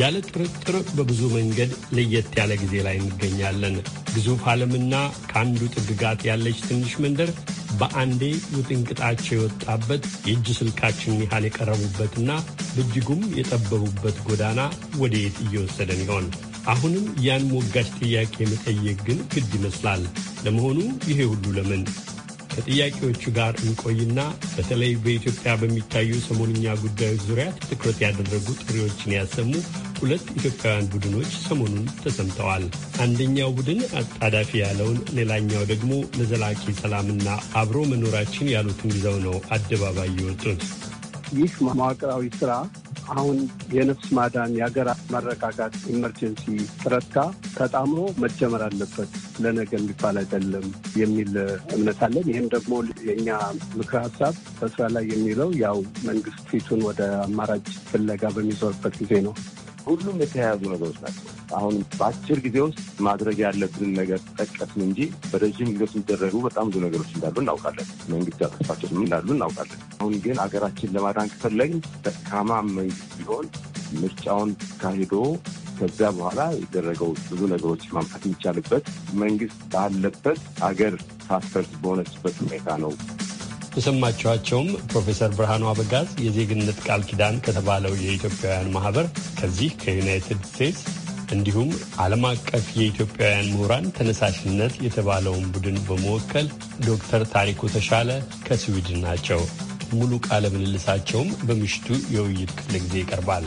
ያለ ጥርጥር በብዙ መንገድ ለየት ያለ ጊዜ ላይ እንገኛለን። ግዙፍ ዓለምና ከአንዱ ጥግጋት ያለች ትንሽ መንደር በአንዴ ውጥንቅጣቸው የወጣበት የእጅ ስልካችን ያህል የቀረቡበትና በእጅጉም የጠበቡበት ጎዳና ወደየት እየወሰደን ይሆን? አሁንም ያን ሞጋች ጥያቄ መጠየቅ ግን ግድ ይመስላል። ለመሆኑ ይሄ ሁሉ ለምን? ከጥያቄዎቹ ጋር እንቆይና በተለይ በኢትዮጵያ በሚታዩ ሰሞንኛ ጉዳዮች ዙሪያ ትኩረት ያደረጉ ጥሪዎችን ያሰሙ ሁለት ኢትዮጵያውያን ቡድኖች ሰሞኑን ተሰምተዋል። አንደኛው ቡድን አጣዳፊ ያለውን፣ ሌላኛው ደግሞ ለዘላቂ ሰላምና አብሮ መኖራችን ያሉትን ይዘው ነው አደባባይ የወጡት። ይህ መዋቅራዊ ስራ አሁን የነፍስ ማዳን የሀገር መረጋጋት ኢመርጀንሲ ጥረት ተጣምሮ መጀመር አለበት። ለነገ የሚባል አይደለም የሚል እምነት አለን። ይህም ደግሞ የእኛ ምክር ሀሳብ በስራ ላይ የሚለው ያው መንግስት ፊቱን ወደ አማራጭ ፍለጋ በሚዞርበት ጊዜ ነው። ሁሉም የተያያዙ ነገሮች ናቸው። አሁን በአጭር ጊዜ ውስጥ ማድረግ ያለብንን ነገር ጠቀስን እንጂ በረዥም ጊዜ ውስጥ የሚደረጉ በጣም ብዙ ነገሮች እንዳሉ እናውቃለን። መንግስት ያጠፋቸው እንዳሉ እናውቃለን። አሁን ግን አገራችን ለማዳን ከፈለግን ደካማ መንግስት ቢሆን ምርጫውን ካሂዶ ከዚያ በኋላ የደረገው ብዙ ነገሮች ማምጣት የሚቻልበት መንግስት ባለበት አገር ሳትፈርስ በሆነችበት ሁኔታ ነው የሰማችኋቸውም ፕሮፌሰር ብርሃኑ አበጋዝ የዜግነት ቃል ኪዳን ከተባለው የኢትዮጵያውያን ማህበር ከዚህ ከዩናይትድ ስቴትስ እንዲሁም ዓለም አቀፍ የኢትዮጵያውያን ምሁራን ተነሳሽነት የተባለውን ቡድን በመወከል ዶክተር ታሪኩ ተሻለ ከስዊድን ናቸው። ሙሉ ቃለ ምልልሳቸውም በምሽቱ የውይይት ክፍለ ጊዜ ይቀርባል።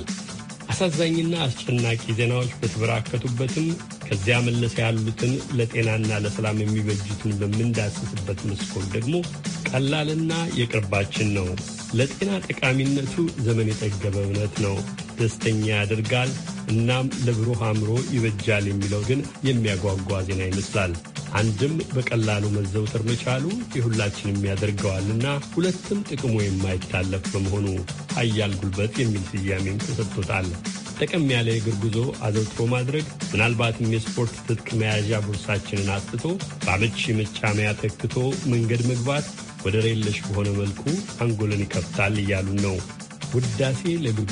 አሳዛኝና አስጨናቂ ዜናዎች በተበራከቱበትም ከዚያ መለስ ያሉትን ለጤናና ለሰላም የሚበጁትን በምንዳስስበት መስኮት ደግሞ ቀላልና የቅርባችን ነው። ለጤና ጠቃሚነቱ ዘመን የጠገበ እውነት ነው። ደስተኛ ያደርጋል፣ እናም ለብሩህ አእምሮ ይበጃል የሚለው ግን የሚያጓጓ ዜና ይመስላል። አንድም በቀላሉ መዘውተር መቻሉ የሁላችንም ያደርገዋልና፣ ሁለትም ጥቅሙ የማይታለፍ በመሆኑ አያል ጉልበት የሚል ስያሜም ተሰጥቶታል። ጠቀም ያለ የእግር ጉዞ አዘውትሮ ማድረግ ምናልባትም የስፖርት ትጥቅ መያዣ ቦርሳችንን አጥቶ በአመቺ መጫሚያ ተክቶ መንገድ መግባት ወደር የለሽ በሆነ መልኩ አንጎልን ይከፍታል እያሉን ነው። ውዳሴ ለእግር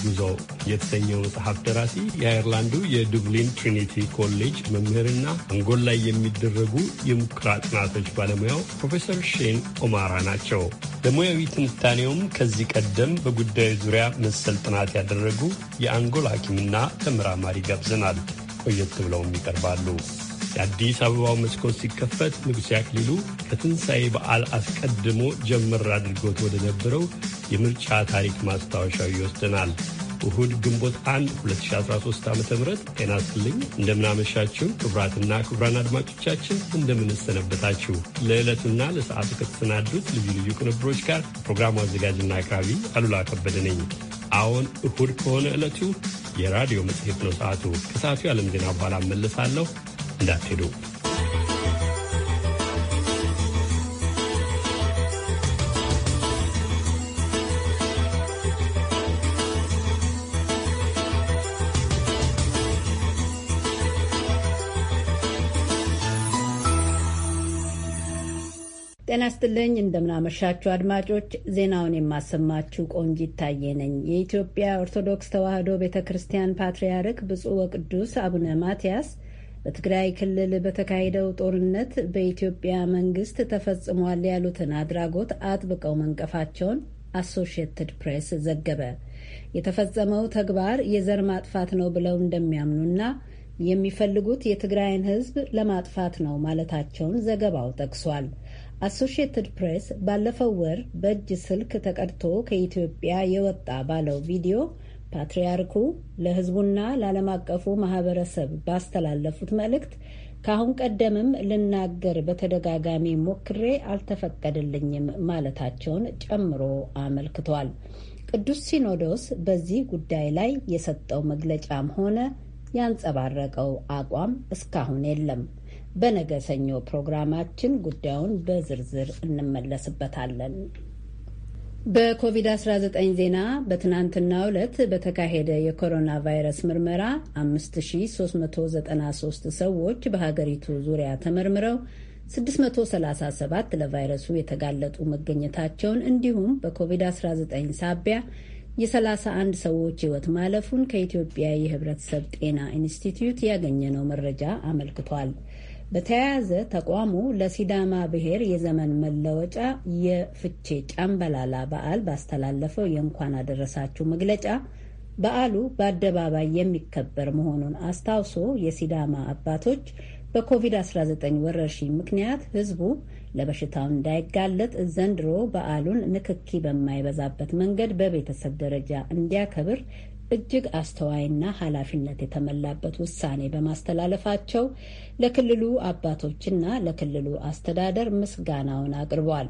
የተሰኘው መጽሐፍ ደራሲ የአይርላንዱ የዱብሊን ትሪኒቲ ኮሌጅ መምህርና አንጎል ላይ የሚደረጉ የሙከራ ጥናቶች ባለሙያው ፕሮፌሰር ሼን ኦማራ ናቸው። ለሙያዊ ትንታኔውም ከዚህ ቀደም በጉዳዩ ዙሪያ መሰል ጥናት ያደረጉ የአንጎል ሐኪምና ተመራማሪ ጋብዘናል። ቆየት ብለውም ይቀርባሉ። የአዲስ አበባው መስኮት ሲከፈት ንጉሥ አክሊሉ ከትንሣኤ በዓል አስቀድሞ ጀምር አድርጎት ወደ ነበረው የምርጫ ታሪክ ማስታወሻው ይወስደናል። እሁድ ግንቦት 1 2013 ዓ ም ጤና ይስጥልኝ። እንደምናመሻችሁ ክቡራትና ክቡራን አድማጮቻችን እንደምንሰነበታችሁ። ለዕለቱና ለሰዓቱ ከተሰናዱት ልዩ ልዩ ቅንብሮች ጋር ፕሮግራሙ አዘጋጅና አቅራቢ አሉላ ከበደ ነኝ። አዎን እሁድ ከሆነ ዕለቱ የራዲዮ መጽሔት ነው። ሰዓቱ ከሰዓቱ የዓለም ዜና በኋላ እመለሳለሁ። እንዳትሄዱ። ጤና ይስጥልኝ እንደምናመሻችሁ አድማጮች፣ ዜናውን የማሰማችሁ ቆንጂ ታዬ ነኝ። የኢትዮጵያ ኦርቶዶክስ ተዋሕዶ ቤተ ክርስቲያን ፓትርያርክ ብፁዕ ወቅዱስ አቡነ ማትያስ በትግራይ ክልል በተካሄደው ጦርነት በኢትዮጵያ መንግስት ተፈጽሟል ያሉትን አድራጎት አጥብቀው መንቀፋቸውን አሶሽየትድ ፕሬስ ዘገበ። የተፈጸመው ተግባር የዘር ማጥፋት ነው ብለው እንደሚያምኑና የሚፈልጉት የትግራይን ህዝብ ለማጥፋት ነው ማለታቸውን ዘገባው ጠቅሷል። አሶሺየትድ ፕሬስ ባለፈው ወር በእጅ ስልክ ተቀድቶ ከኢትዮጵያ የወጣ ባለው ቪዲዮ ፓትርያርኩ ለሕዝቡና ለዓለም አቀፉ ማህበረሰብ ባስተላለፉት መልእክት ከአሁን ቀደምም ልናገር በተደጋጋሚ ሞክሬ አልተፈቀደልኝም ማለታቸውን ጨምሮ አመልክቷል። ቅዱስ ሲኖዶስ በዚህ ጉዳይ ላይ የሰጠው መግለጫም ሆነ ያንጸባረቀው አቋም እስካሁን የለም። በነገ ሰኞ ፕሮግራማችን ጉዳዩን በዝርዝር እንመለስበታለን። በኮቪድ-19 ዜና በትናንትናው ዕለት በተካሄደ የኮሮና ቫይረስ ምርመራ 5393 ሰዎች በሀገሪቱ ዙሪያ ተመርምረው 637 ለቫይረሱ የተጋለጡ መገኘታቸውን እንዲሁም በኮቪድ-19 ሳቢያ የ31 ሰዎች ሕይወት ማለፉን ከኢትዮጵያ የሕብረተሰብ ጤና ኢንስቲትዩት ያገኘነው መረጃ አመልክቷል። በተያያዘ ተቋሙ ለሲዳማ ብሔር የዘመን መለወጫ የፍቼ ጫምበላላ በዓል ባስተላለፈው የእንኳን አደረሳችሁ መግለጫ በዓሉ በአደባባይ የሚከበር መሆኑን አስታውሶ የሲዳማ አባቶች በኮቪድ-19 ወረርሽኝ ምክንያት ሕዝቡ ለበሽታው እንዳይጋለጥ ዘንድሮ በዓሉን ንክኪ በማይበዛበት መንገድ በቤተሰብ ደረጃ እንዲያከብር እጅግ አስተዋይና ኃላፊነት የተሞላበት ውሳኔ በማስተላለፋቸው ለክልሉ አባቶችና ለክልሉ አስተዳደር ምስጋናውን አቅርቧል።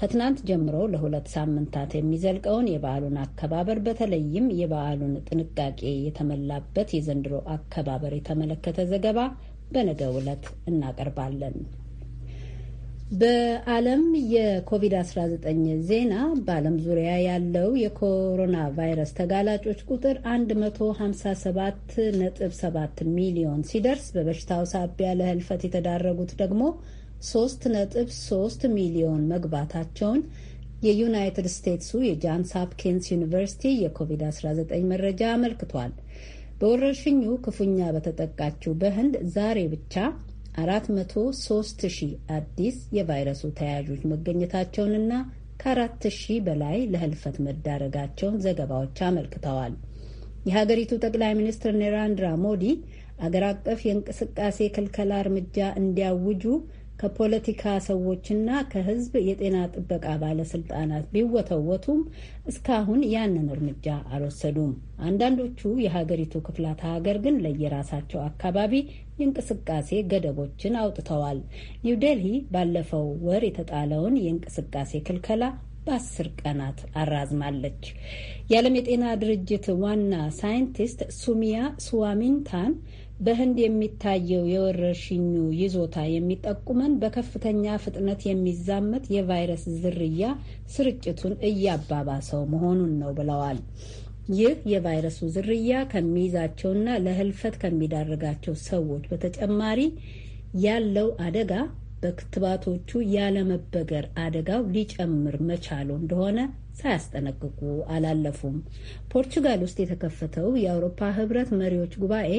ከትናንት ጀምሮ ለሁለት ሳምንታት የሚዘልቀውን የበዓሉን አከባበር በተለይም የበዓሉን ጥንቃቄ የተሞላበት የዘንድሮ አከባበር የተመለከተ ዘገባ በነገው ዕለት እናቀርባለን። በዓለም የኮቪድ-19 ዜና በዓለም ዙሪያ ያለው የኮሮና ቫይረስ ተጋላጮች ቁጥር 157.7 ሚሊዮን ሲደርስ በበሽታው ሳቢያ ለህልፈት የተዳረጉት ደግሞ 3.3 ሚሊዮን መግባታቸውን የዩናይትድ ስቴትሱ የጃንስ ሀፕኪንስ ዩኒቨርሲቲ የኮቪድ-19 መረጃ አመልክቷል። በወረርሽኙ ክፉኛ በተጠቃችው በህንድ ዛሬ ብቻ 403 ሺህ አዲስ የቫይረሱ ተያያዦች መገኘታቸውንና ከአራት ሺህ በላይ ለህልፈት መዳረጋቸውን ዘገባዎች አመልክተዋል። የሀገሪቱ ጠቅላይ ሚኒስትር ኔራንድራ ሞዲ አገር አቀፍ የእንቅስቃሴ ክልከላ እርምጃ እንዲያውጁ ከፖለቲካ ሰዎችና ከሕዝብ የጤና ጥበቃ ባለስልጣናት ቢወተወቱም እስካሁን ያንን እርምጃ አልወሰዱም። አንዳንዶቹ የሀገሪቱ ክፍላተ ሀገር ግን ለየራሳቸው አካባቢ የእንቅስቃሴ ገደቦችን አውጥተዋል። ኒውዴልሂ ባለፈው ወር የተጣለውን የእንቅስቃሴ ክልከላ በአስር ቀናት አራዝማለች። የዓለም የጤና ድርጅት ዋና ሳይንቲስት ሱሚያ ስዋሚንታን በህንድ የሚታየው የወረርሽኙ ይዞታ የሚጠቁመን በከፍተኛ ፍጥነት የሚዛመት የቫይረስ ዝርያ ስርጭቱን እያባባሰው መሆኑን ነው ብለዋል። ይህ የቫይረሱ ዝርያ ከሚይዛቸውና ለህልፈት ከሚዳርጋቸው ሰዎች በተጨማሪ ያለው አደጋ በክትባቶቹ ያለመበገር አደጋው ሊጨምር መቻሉ እንደሆነ ሳያስጠነቅቁ አላለፉም። ፖርቹጋል ውስጥ የተከፈተው የአውሮፓ ህብረት መሪዎች ጉባኤ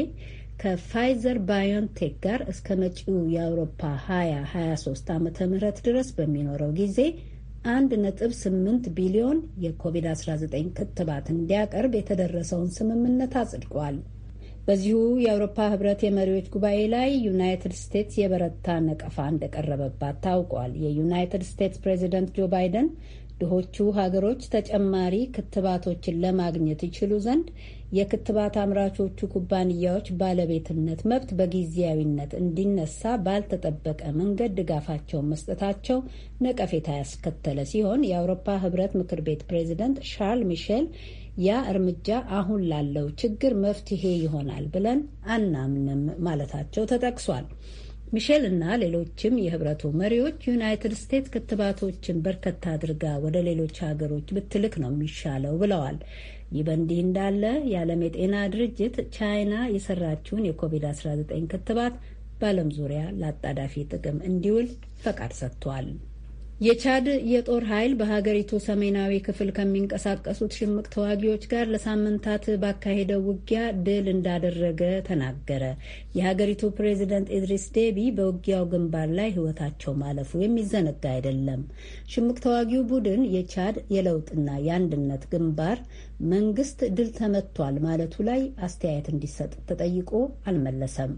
ከፋይዘር ባዮንቴክ ጋር እስከ መጪው የአውሮፓ 2023 ዓ ም ድረስ በሚኖረው ጊዜ 1.8 ቢሊዮን የኮቪድ-19 ክትባት እንዲያቀርብ የተደረሰውን ስምምነት አጽድቋል። በዚሁ የአውሮፓ ህብረት የመሪዎች ጉባኤ ላይ ዩናይትድ ስቴትስ የበረታ ነቀፋ እንደቀረበባት ታውቋል። የዩናይትድ ስቴትስ ፕሬዚደንት ጆ ባይደን ድሆቹ ሀገሮች ተጨማሪ ክትባቶችን ለማግኘት ይችሉ ዘንድ የክትባት አምራቾቹ ኩባንያዎች ባለቤትነት መብት በጊዜያዊነት እንዲነሳ ባልተጠበቀ መንገድ ድጋፋቸውን መስጠታቸው ነቀፌታ ያስከተለ ሲሆን የአውሮፓ ሕብረት ምክር ቤት ፕሬዚደንት ሻርል ሚሼል ያ እርምጃ አሁን ላለው ችግር መፍትሄ ይሆናል ብለን አናምንም ማለታቸው ተጠቅሷል። ሚሼል እና ሌሎችም የህብረቱ መሪዎች ዩናይትድ ስቴትስ ክትባቶችን በርከታ አድርጋ ወደ ሌሎች ሀገሮች ብትልክ ነው የሚሻለው ብለዋል። ይህ በእንዲህ እንዳለ የዓለም የጤና ድርጅት ቻይና የሰራችውን የኮቪድ-19 ክትባት በዓለም ዙሪያ ለአጣዳፊ ጥቅም እንዲውል ፈቃድ ሰጥቷል። የቻድ የጦር ኃይል በሀገሪቱ ሰሜናዊ ክፍል ከሚንቀሳቀሱት ሽምቅ ተዋጊዎች ጋር ለሳምንታት ባካሄደው ውጊያ ድል እንዳደረገ ተናገረ። የሀገሪቱ ፕሬዚደንት ኢድሪስ ዴቢ በውጊያው ግንባር ላይ ሕይወታቸው ማለፉ የሚዘነጋ አይደለም። ሽምቅ ተዋጊው ቡድን የቻድ የለውጥና የአንድነት ግንባር መንግስት ድል ተመቷል ማለቱ ላይ አስተያየት እንዲሰጥ ተጠይቆ አልመለሰም።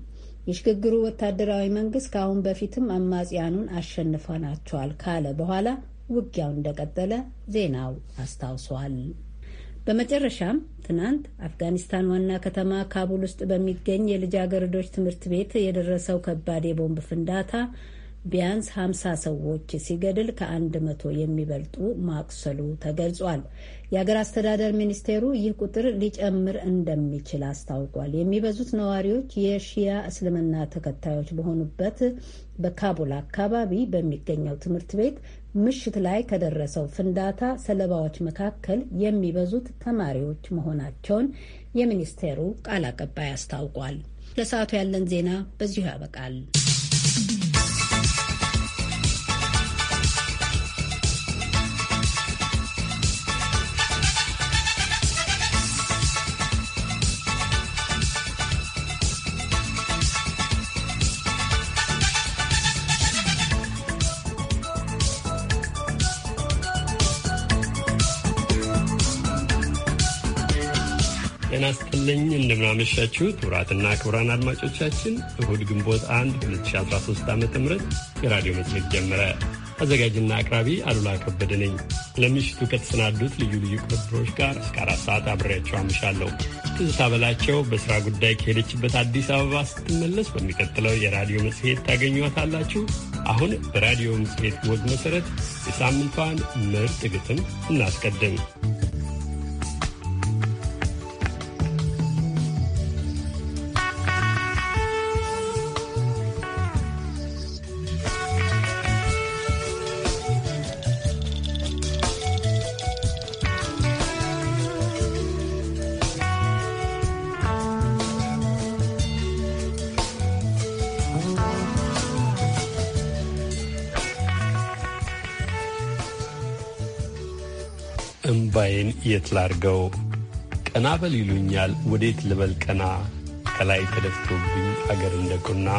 የሽግግሩ ወታደራዊ መንግስት ከአሁን በፊትም አማጽያኑን አሸንፈናቸዋል ካለ በኋላ ውጊያው እንደቀጠለ ዜናው አስታውሷል። በመጨረሻም ትናንት አፍጋኒስታን ዋና ከተማ ካቡል ውስጥ በሚገኝ የልጃገረዶች ትምህርት ቤት የደረሰው ከባድ የቦምብ ፍንዳታ ቢያንስ 50 ሰዎች ሲገድል ከአንድ መቶ የሚበልጡ ማቁሰሉ ተገልጿል። የአገር አስተዳደር ሚኒስቴሩ ይህ ቁጥር ሊጨምር እንደሚችል አስታውቋል። የሚበዙት ነዋሪዎች የሺያ እስልምና ተከታዮች በሆኑበት በካቡል አካባቢ በሚገኘው ትምህርት ቤት ምሽት ላይ ከደረሰው ፍንዳታ ሰለባዎች መካከል የሚበዙት ተማሪዎች መሆናቸውን የሚኒስቴሩ ቃል አቀባይ አስታውቋል። ለሰዓቱ ያለን ዜና በዚሁ ያበቃል። ጤና እንደምናመሻችሁ ክቡራትና ክቡራን አድማጮቻችን እሁድ ግንቦት 1 2013 ዓ ም የራዲዮ መጽሔት ጀመረ። አዘጋጅና አቅራቢ አሉላ ከበደ ነኝ። ለምሽቱ ከተሰናዱት ልዩ ልዩ ቅንብሮች ጋር እስከ አራት ሰዓት አብሬያቸው አምሻለሁ። ትዝታ በላቸው በሥራ ጉዳይ ከሄደችበት አዲስ አበባ ስትመለስ በሚቀጥለው የራዲዮ መጽሔት ታገኟታላችሁ። አሁን በራዲዮ መጽሔት ወግ መሠረት የሳምንቷን ምርጥ ግጥም እናስቀድም። የት ላርገው ቀና በል ይሉኛል ወዴት ልበል ቀና ከላይ ተደፍቶብኝ አገር እንደ ቁና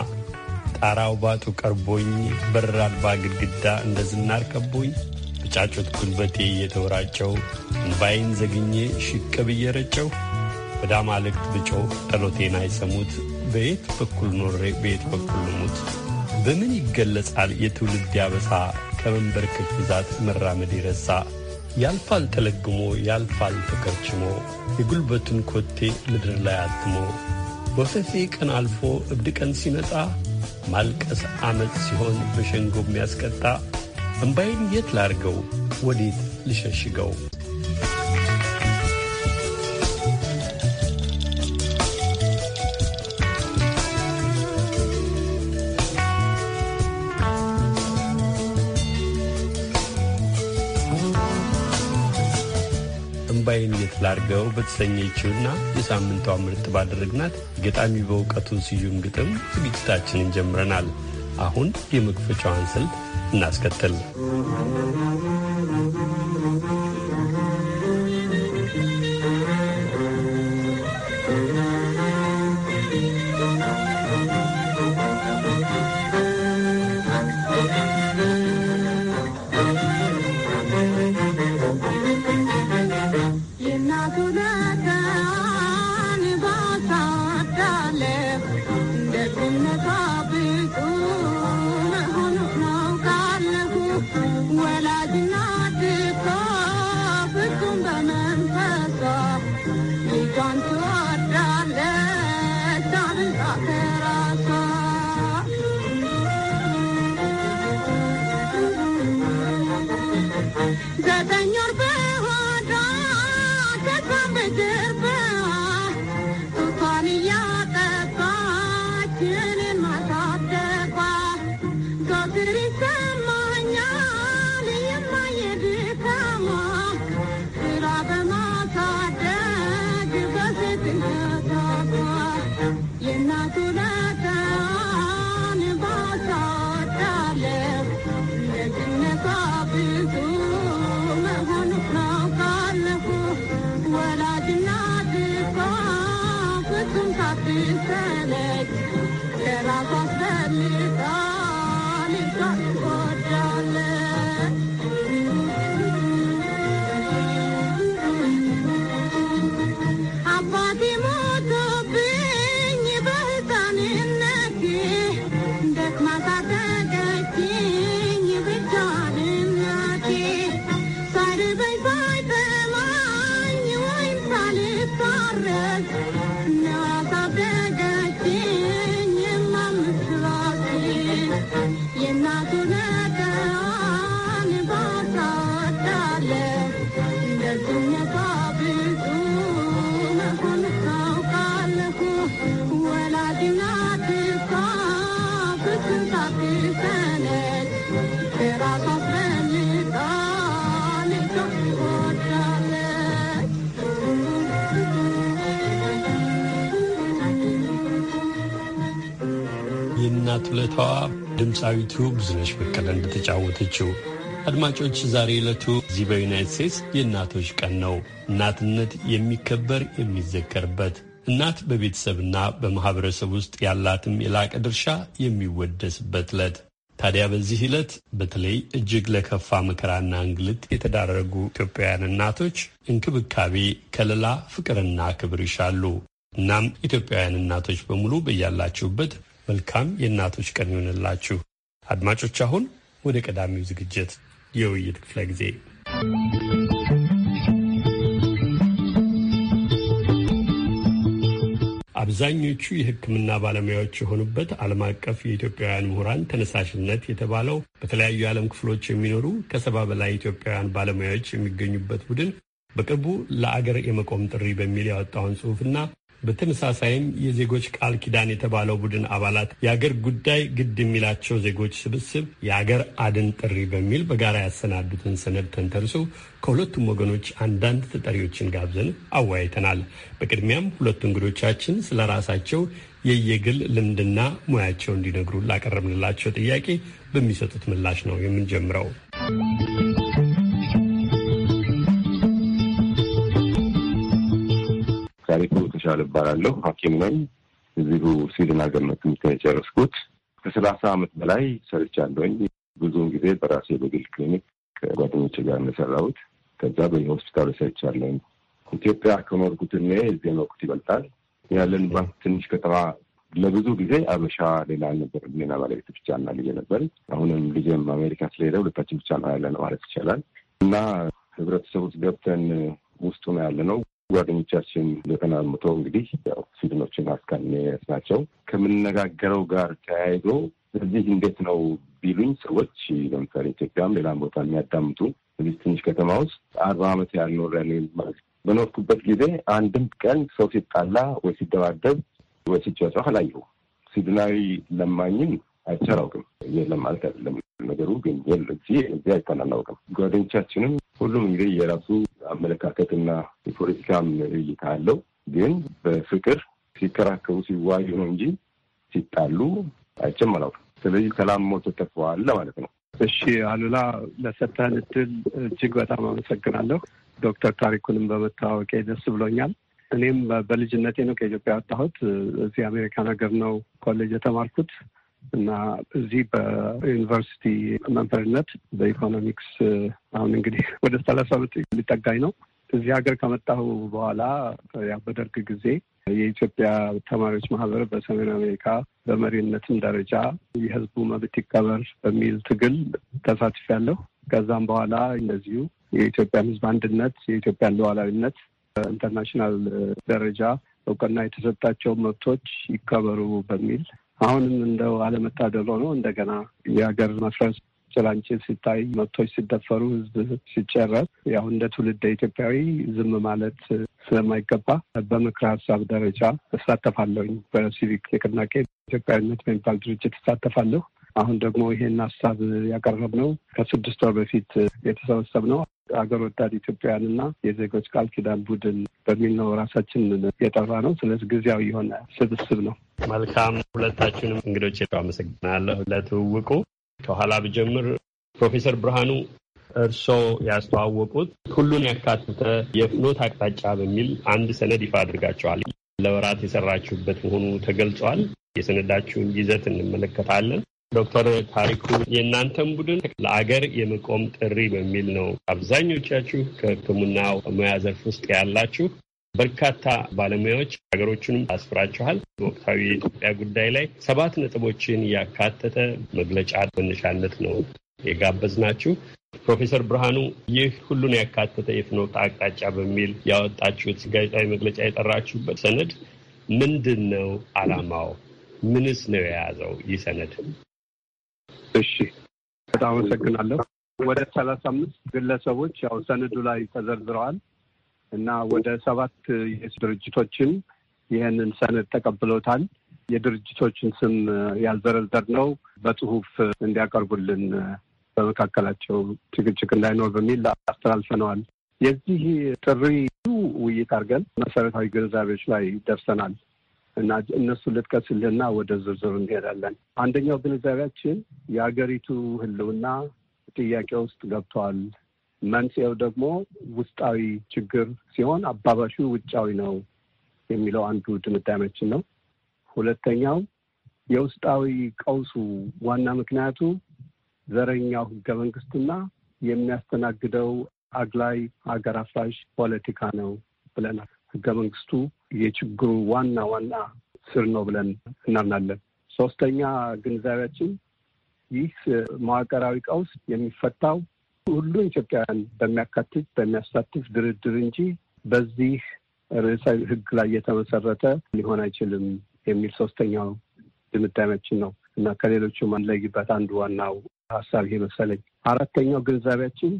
ጣራው ባጡ ቀርቦኝ በር አልባ ግድግዳ እንደ ዝናር ከቦኝ ብጫጩት ጉልበቴ እየተወራጨው እንባይን ዘግኜ ሽቅብ እየረጨው ወደ አማልክት ብጮህ ጠሎቴን አይሰሙት በየት በኩል ኖሬ በየት በኩል ልሙት በምን ይገለጻል የትውልድ ያበሳ ከመንበርክክ ብዛት መራመድ ይረሳ ያልፋል ተለግሞ ያልፋል ፍቅር ችሞ የጉልበቱን ኮቴ ምድር ላይ አትሞ ወፈፌ ቀን አልፎ እብድ ቀን ሲመጣ ማልቀስ ዓመፅ ሲሆን በሸንጎ የሚያስቀጣ እምባይን የት ላርገው ወዴት ልሸሽገው የት ላድርገው በተሰኘችውና የሳምንቷ ምርጥ ባደረግናት ገጣሚ በእውቀቱ ስዩም ግጥም ዝግጅታችንን ጀምረናል። አሁን የመክፈቻዋን ስልት እናስከትል። ድምፃዊቱ ብዙነሽ በቀለ እንደተጫወተችው። አድማጮች፣ ዛሬ ዕለቱ እዚህ በዩናይት ስቴትስ የእናቶች ቀን ነው። እናትነት የሚከበር የሚዘከርበት እናት በቤተሰብና በማህበረሰብ ውስጥ ያላትም የላቀ ድርሻ የሚወደስበት ዕለት። ታዲያ በዚህ ዕለት በተለይ እጅግ ለከፋ መከራና እንግልት የተዳረጉ ኢትዮጵያውያን እናቶች እንክብካቤ፣ ከለላ፣ ፍቅርና ክብር ይሻሉ። እናም ኢትዮጵያውያን እናቶች በሙሉ በያላችሁበት መልካም የእናቶች ቀን ይሆንላችሁ። አድማጮች፣ አሁን ወደ ቀዳሚው ዝግጅት የውይይት ክፍለ ጊዜ አብዛኞቹ የሕክምና ባለሙያዎች የሆኑበት ዓለም አቀፍ የኢትዮጵያውያን ምሁራን ተነሳሽነት የተባለው በተለያዩ የዓለም ክፍሎች የሚኖሩ ከሰባ በላይ ኢትዮጵያውያን ባለሙያዎች የሚገኙበት ቡድን በቅርቡ ለአገር የመቆም ጥሪ በሚል ያወጣውን ጽሑፍና በተመሳሳይም የዜጎች ቃል ኪዳን የተባለው ቡድን አባላት የአገር ጉዳይ ግድ የሚላቸው ዜጎች ስብስብ የአገር አድን ጥሪ በሚል በጋራ ያሰናዱትን ሰነድ ተንተርሶ ከሁለቱም ወገኖች አንዳንድ ተጠሪዎችን ጋብዘን አወያይተናል። በቅድሚያም ሁለቱ እንግዶቻችን ስለ ራሳቸው የየግል ልምድና ሙያቸው እንዲነግሩ ላቀረብንላቸው ጥያቄ በሚሰጡት ምላሽ ነው የምንጀምረው። ታሪኩ ተሻለ እባላለሁ። ሐኪም ነኝ። እዚሁ ሲድና ገነት ትምህርቴን የጨረስኩት ከሰላሳ ዓመት በላይ ሰርቻለሁኝ። ብዙውን ጊዜ በራሴ በግል ክሊኒክ ከጓደኞች ጋር የሰራሁት ከዛ በየሆስፒታሉ ሰርቻለሁኝ። ኢትዮጵያ ከኖርኩት እኔ እዚህ ኖርኩት ይበልጣል። ያለንባት ትንሽ ከተማ ለብዙ ጊዜ አበሻ ሌላ ነበር። ሌላ ባለቤት ብቻ ብቻና ልጄ ነበር። አሁንም ልጄም አሜሪካ ስለሄደ ሁለታችን ብቻ ነው ያለ ነው ማለት ይቻላል። እና ህብረተሰቡ ውስጥ ገብተን ውስጡ ነው ያለ ነው። ጓደኞቻችን ዘጠና መቶ እንግዲህ ያው ሲቪሎችን አስካሚነት ናቸው። ከምነጋገረው ጋር ተያይዞ እዚህ እንዴት ነው ቢሉኝ ሰዎች ለምሳሌ ኢትዮጵያም ሌላም ቦታ የሚያዳምጡ እዚህ ትንሽ ከተማ ውስጥ አርባ ዓመት ያልኖረ በኖርኩበት ጊዜ አንድም ቀን ሰው ሲጣላ ወይ ሲደባደብ ወይ ሲጫጫ አላየሁ። ሲድናዊ ለማኝም አይቼ አላውቅም። የለም ማለት አይደለም ነገሩ ግን እዚህ እዚህ አይተን አናውቅም። ጓደኞቻችንም ሁሉም እንግዲህ የራሱ አመለካከትና የፖለቲካም እይታ አለው። ግን በፍቅር ሲከራከሩ ሲዋዩ ነው እንጂ ሲጣሉ አይቼም አላውቅም። ስለዚህ ሰላም ሞት ተርፈዋል ማለት ነው። እሺ አሉላ፣ ለሰጠህን እድል እጅግ በጣም አመሰግናለሁ። ዶክተር ታሪኩንም በመተዋወቄ ደስ ብሎኛል። እኔም በልጅነቴ ነው ከኢትዮጵያ ያወጣሁት። እዚህ አሜሪካን ሀገር ነው ኮሌጅ የተማርኩት። እና እዚህ በዩኒቨርሲቲ መምህርነት በኢኮኖሚክስ አሁን እንግዲህ ወደ ሰላሳ ዓመት ሊጠጋኝ ነው። እዚህ ሀገር ከመጣሁ በኋላ ያው በደርግ ጊዜ የኢትዮጵያ ተማሪዎች ማህበር በሰሜን አሜሪካ በመሪነትም ደረጃ የህዝቡ መብት ይከበር በሚል ትግል ተሳትፌያለሁ። ከዛም በኋላ እንደዚሁ የኢትዮጵያን ህዝብ አንድነት፣ የኢትዮጵያን ሉዓላዊነት በኢንተርናሽናል ደረጃ እውቅና የተሰጣቸው መብቶች ይከበሩ በሚል አሁንም እንደው አለመታደል ሆኖ እንደገና የሀገር መፍረስ ጭላንጭል ሲታይ መብቶች ሲደፈሩ ህዝብ ሲጨረስ ያው እንደ ትውልደ ኢትዮጵያዊ ዝም ማለት ስለማይገባ በምክረ ሀሳብ ደረጃ እሳተፋለሁኝ። በሲቪክ ንቅናቄ ኢትዮጵያዊነት በሚባል ድርጅት እሳተፋለሁ። አሁን ደግሞ ይሄን ሀሳብ ያቀረብነው ከስድስት ወር በፊት የተሰበሰብነው አገር ወዳድ ኢትዮጵያውያንና የዜጎች ቃል ኪዳን ቡድን በሚል ነው ራሳችንን የጠራ ነው። ስለዚህ ጊዜያዊ የሆነ ስብስብ ነው። መልካም ሁለታችሁንም እንግዶች አመሰግናለሁ ለትውውቁ። ከኋላ ብጀምር ፕሮፌሰር ብርሃኑ እርስዎ ያስተዋወቁት ሁሉን ያካተተ የፍኖት አቅጣጫ በሚል አንድ ሰነድ ይፋ አድርጋቸዋል። ለወራት የሰራችሁበት መሆኑ ተገልጿል። የሰነዳችሁን ይዘት እንመለከታለን። ዶክተር ታሪኩ የእናንተን ቡድን ለአገር የመቆም ጥሪ በሚል ነው። አብዛኞቻችሁ ከሕክምና ሙያ ዘርፍ ውስጥ ያላችሁ በርካታ ባለሙያዎች ሀገሮቹንም አስፍራችኋል። በወቅታዊ የኢትዮጵያ ጉዳይ ላይ ሰባት ነጥቦችን ያካተተ መግለጫ መነሻነት ነው የጋበዝናችሁ። ፕሮፌሰር ብርሃኑ ይህ ሁሉን ያካተተ የፍኖተ አቅጣጫ በሚል ያወጣችሁት ጋዜጣዊ መግለጫ የጠራችሁበት ሰነድ ምንድን ነው? አላማው ምንስ ነው የያዘው ይህ ሰነድ? እሺ፣ በጣም አመሰግናለሁ። ወደ ሰላሳ አምስት ግለሰቦች ያው ሰነዱ ላይ ተዘርዝረዋል እና ወደ ሰባት ድርጅቶችን ይህንን ሰነድ ተቀብለውታል። የድርጅቶችን ስም ያልዘረዘር ነው በጽሁፍ እንዲያቀርቡልን በመካከላቸው ጭቅጭቅ እንዳይኖር በሚል አስተላልፈነዋል። የዚህ ጥሪ ውይይት አድርገን መሰረታዊ ግንዛቤዎች ላይ ደርሰናል። እና እነሱ ልጥቀስልና ወደ ዝርዝር እንሄዳለን። አንደኛው ግንዛቤያችን የሀገሪቱ ህልውና ጥያቄ ውስጥ ገብተዋል። መንስኤው ደግሞ ውስጣዊ ችግር ሲሆን አባባሹ ውጫዊ ነው የሚለው አንዱ ድምዳሜያችን ነው። ሁለተኛው የውስጣዊ ቀውሱ ዋና ምክንያቱ ዘረኛው ህገ መንግስትና የሚያስተናግደው አግላይ ሀገር አፍራሽ ፖለቲካ ነው ብለናል። ህገ መንግስቱ የችግሩ ዋና ዋና ስር ነው ብለን እናምናለን። ሶስተኛ ግንዛቤያችን ይህ መዋቅራዊ ቀውስ የሚፈታው ሁሉን ኢትዮጵያውያን በሚያካትት በሚያሳትፍ ድርድር እንጂ በዚህ ርዕሰ ሕግ ላይ የተመሰረተ ሊሆን አይችልም የሚል ሶስተኛው ድምዳሜያችን ነው እና ከሌሎቹ ማንለይበት አንዱ ዋናው ሀሳብ ይሄ መሰለኝ። አራተኛው ግንዛቤያችን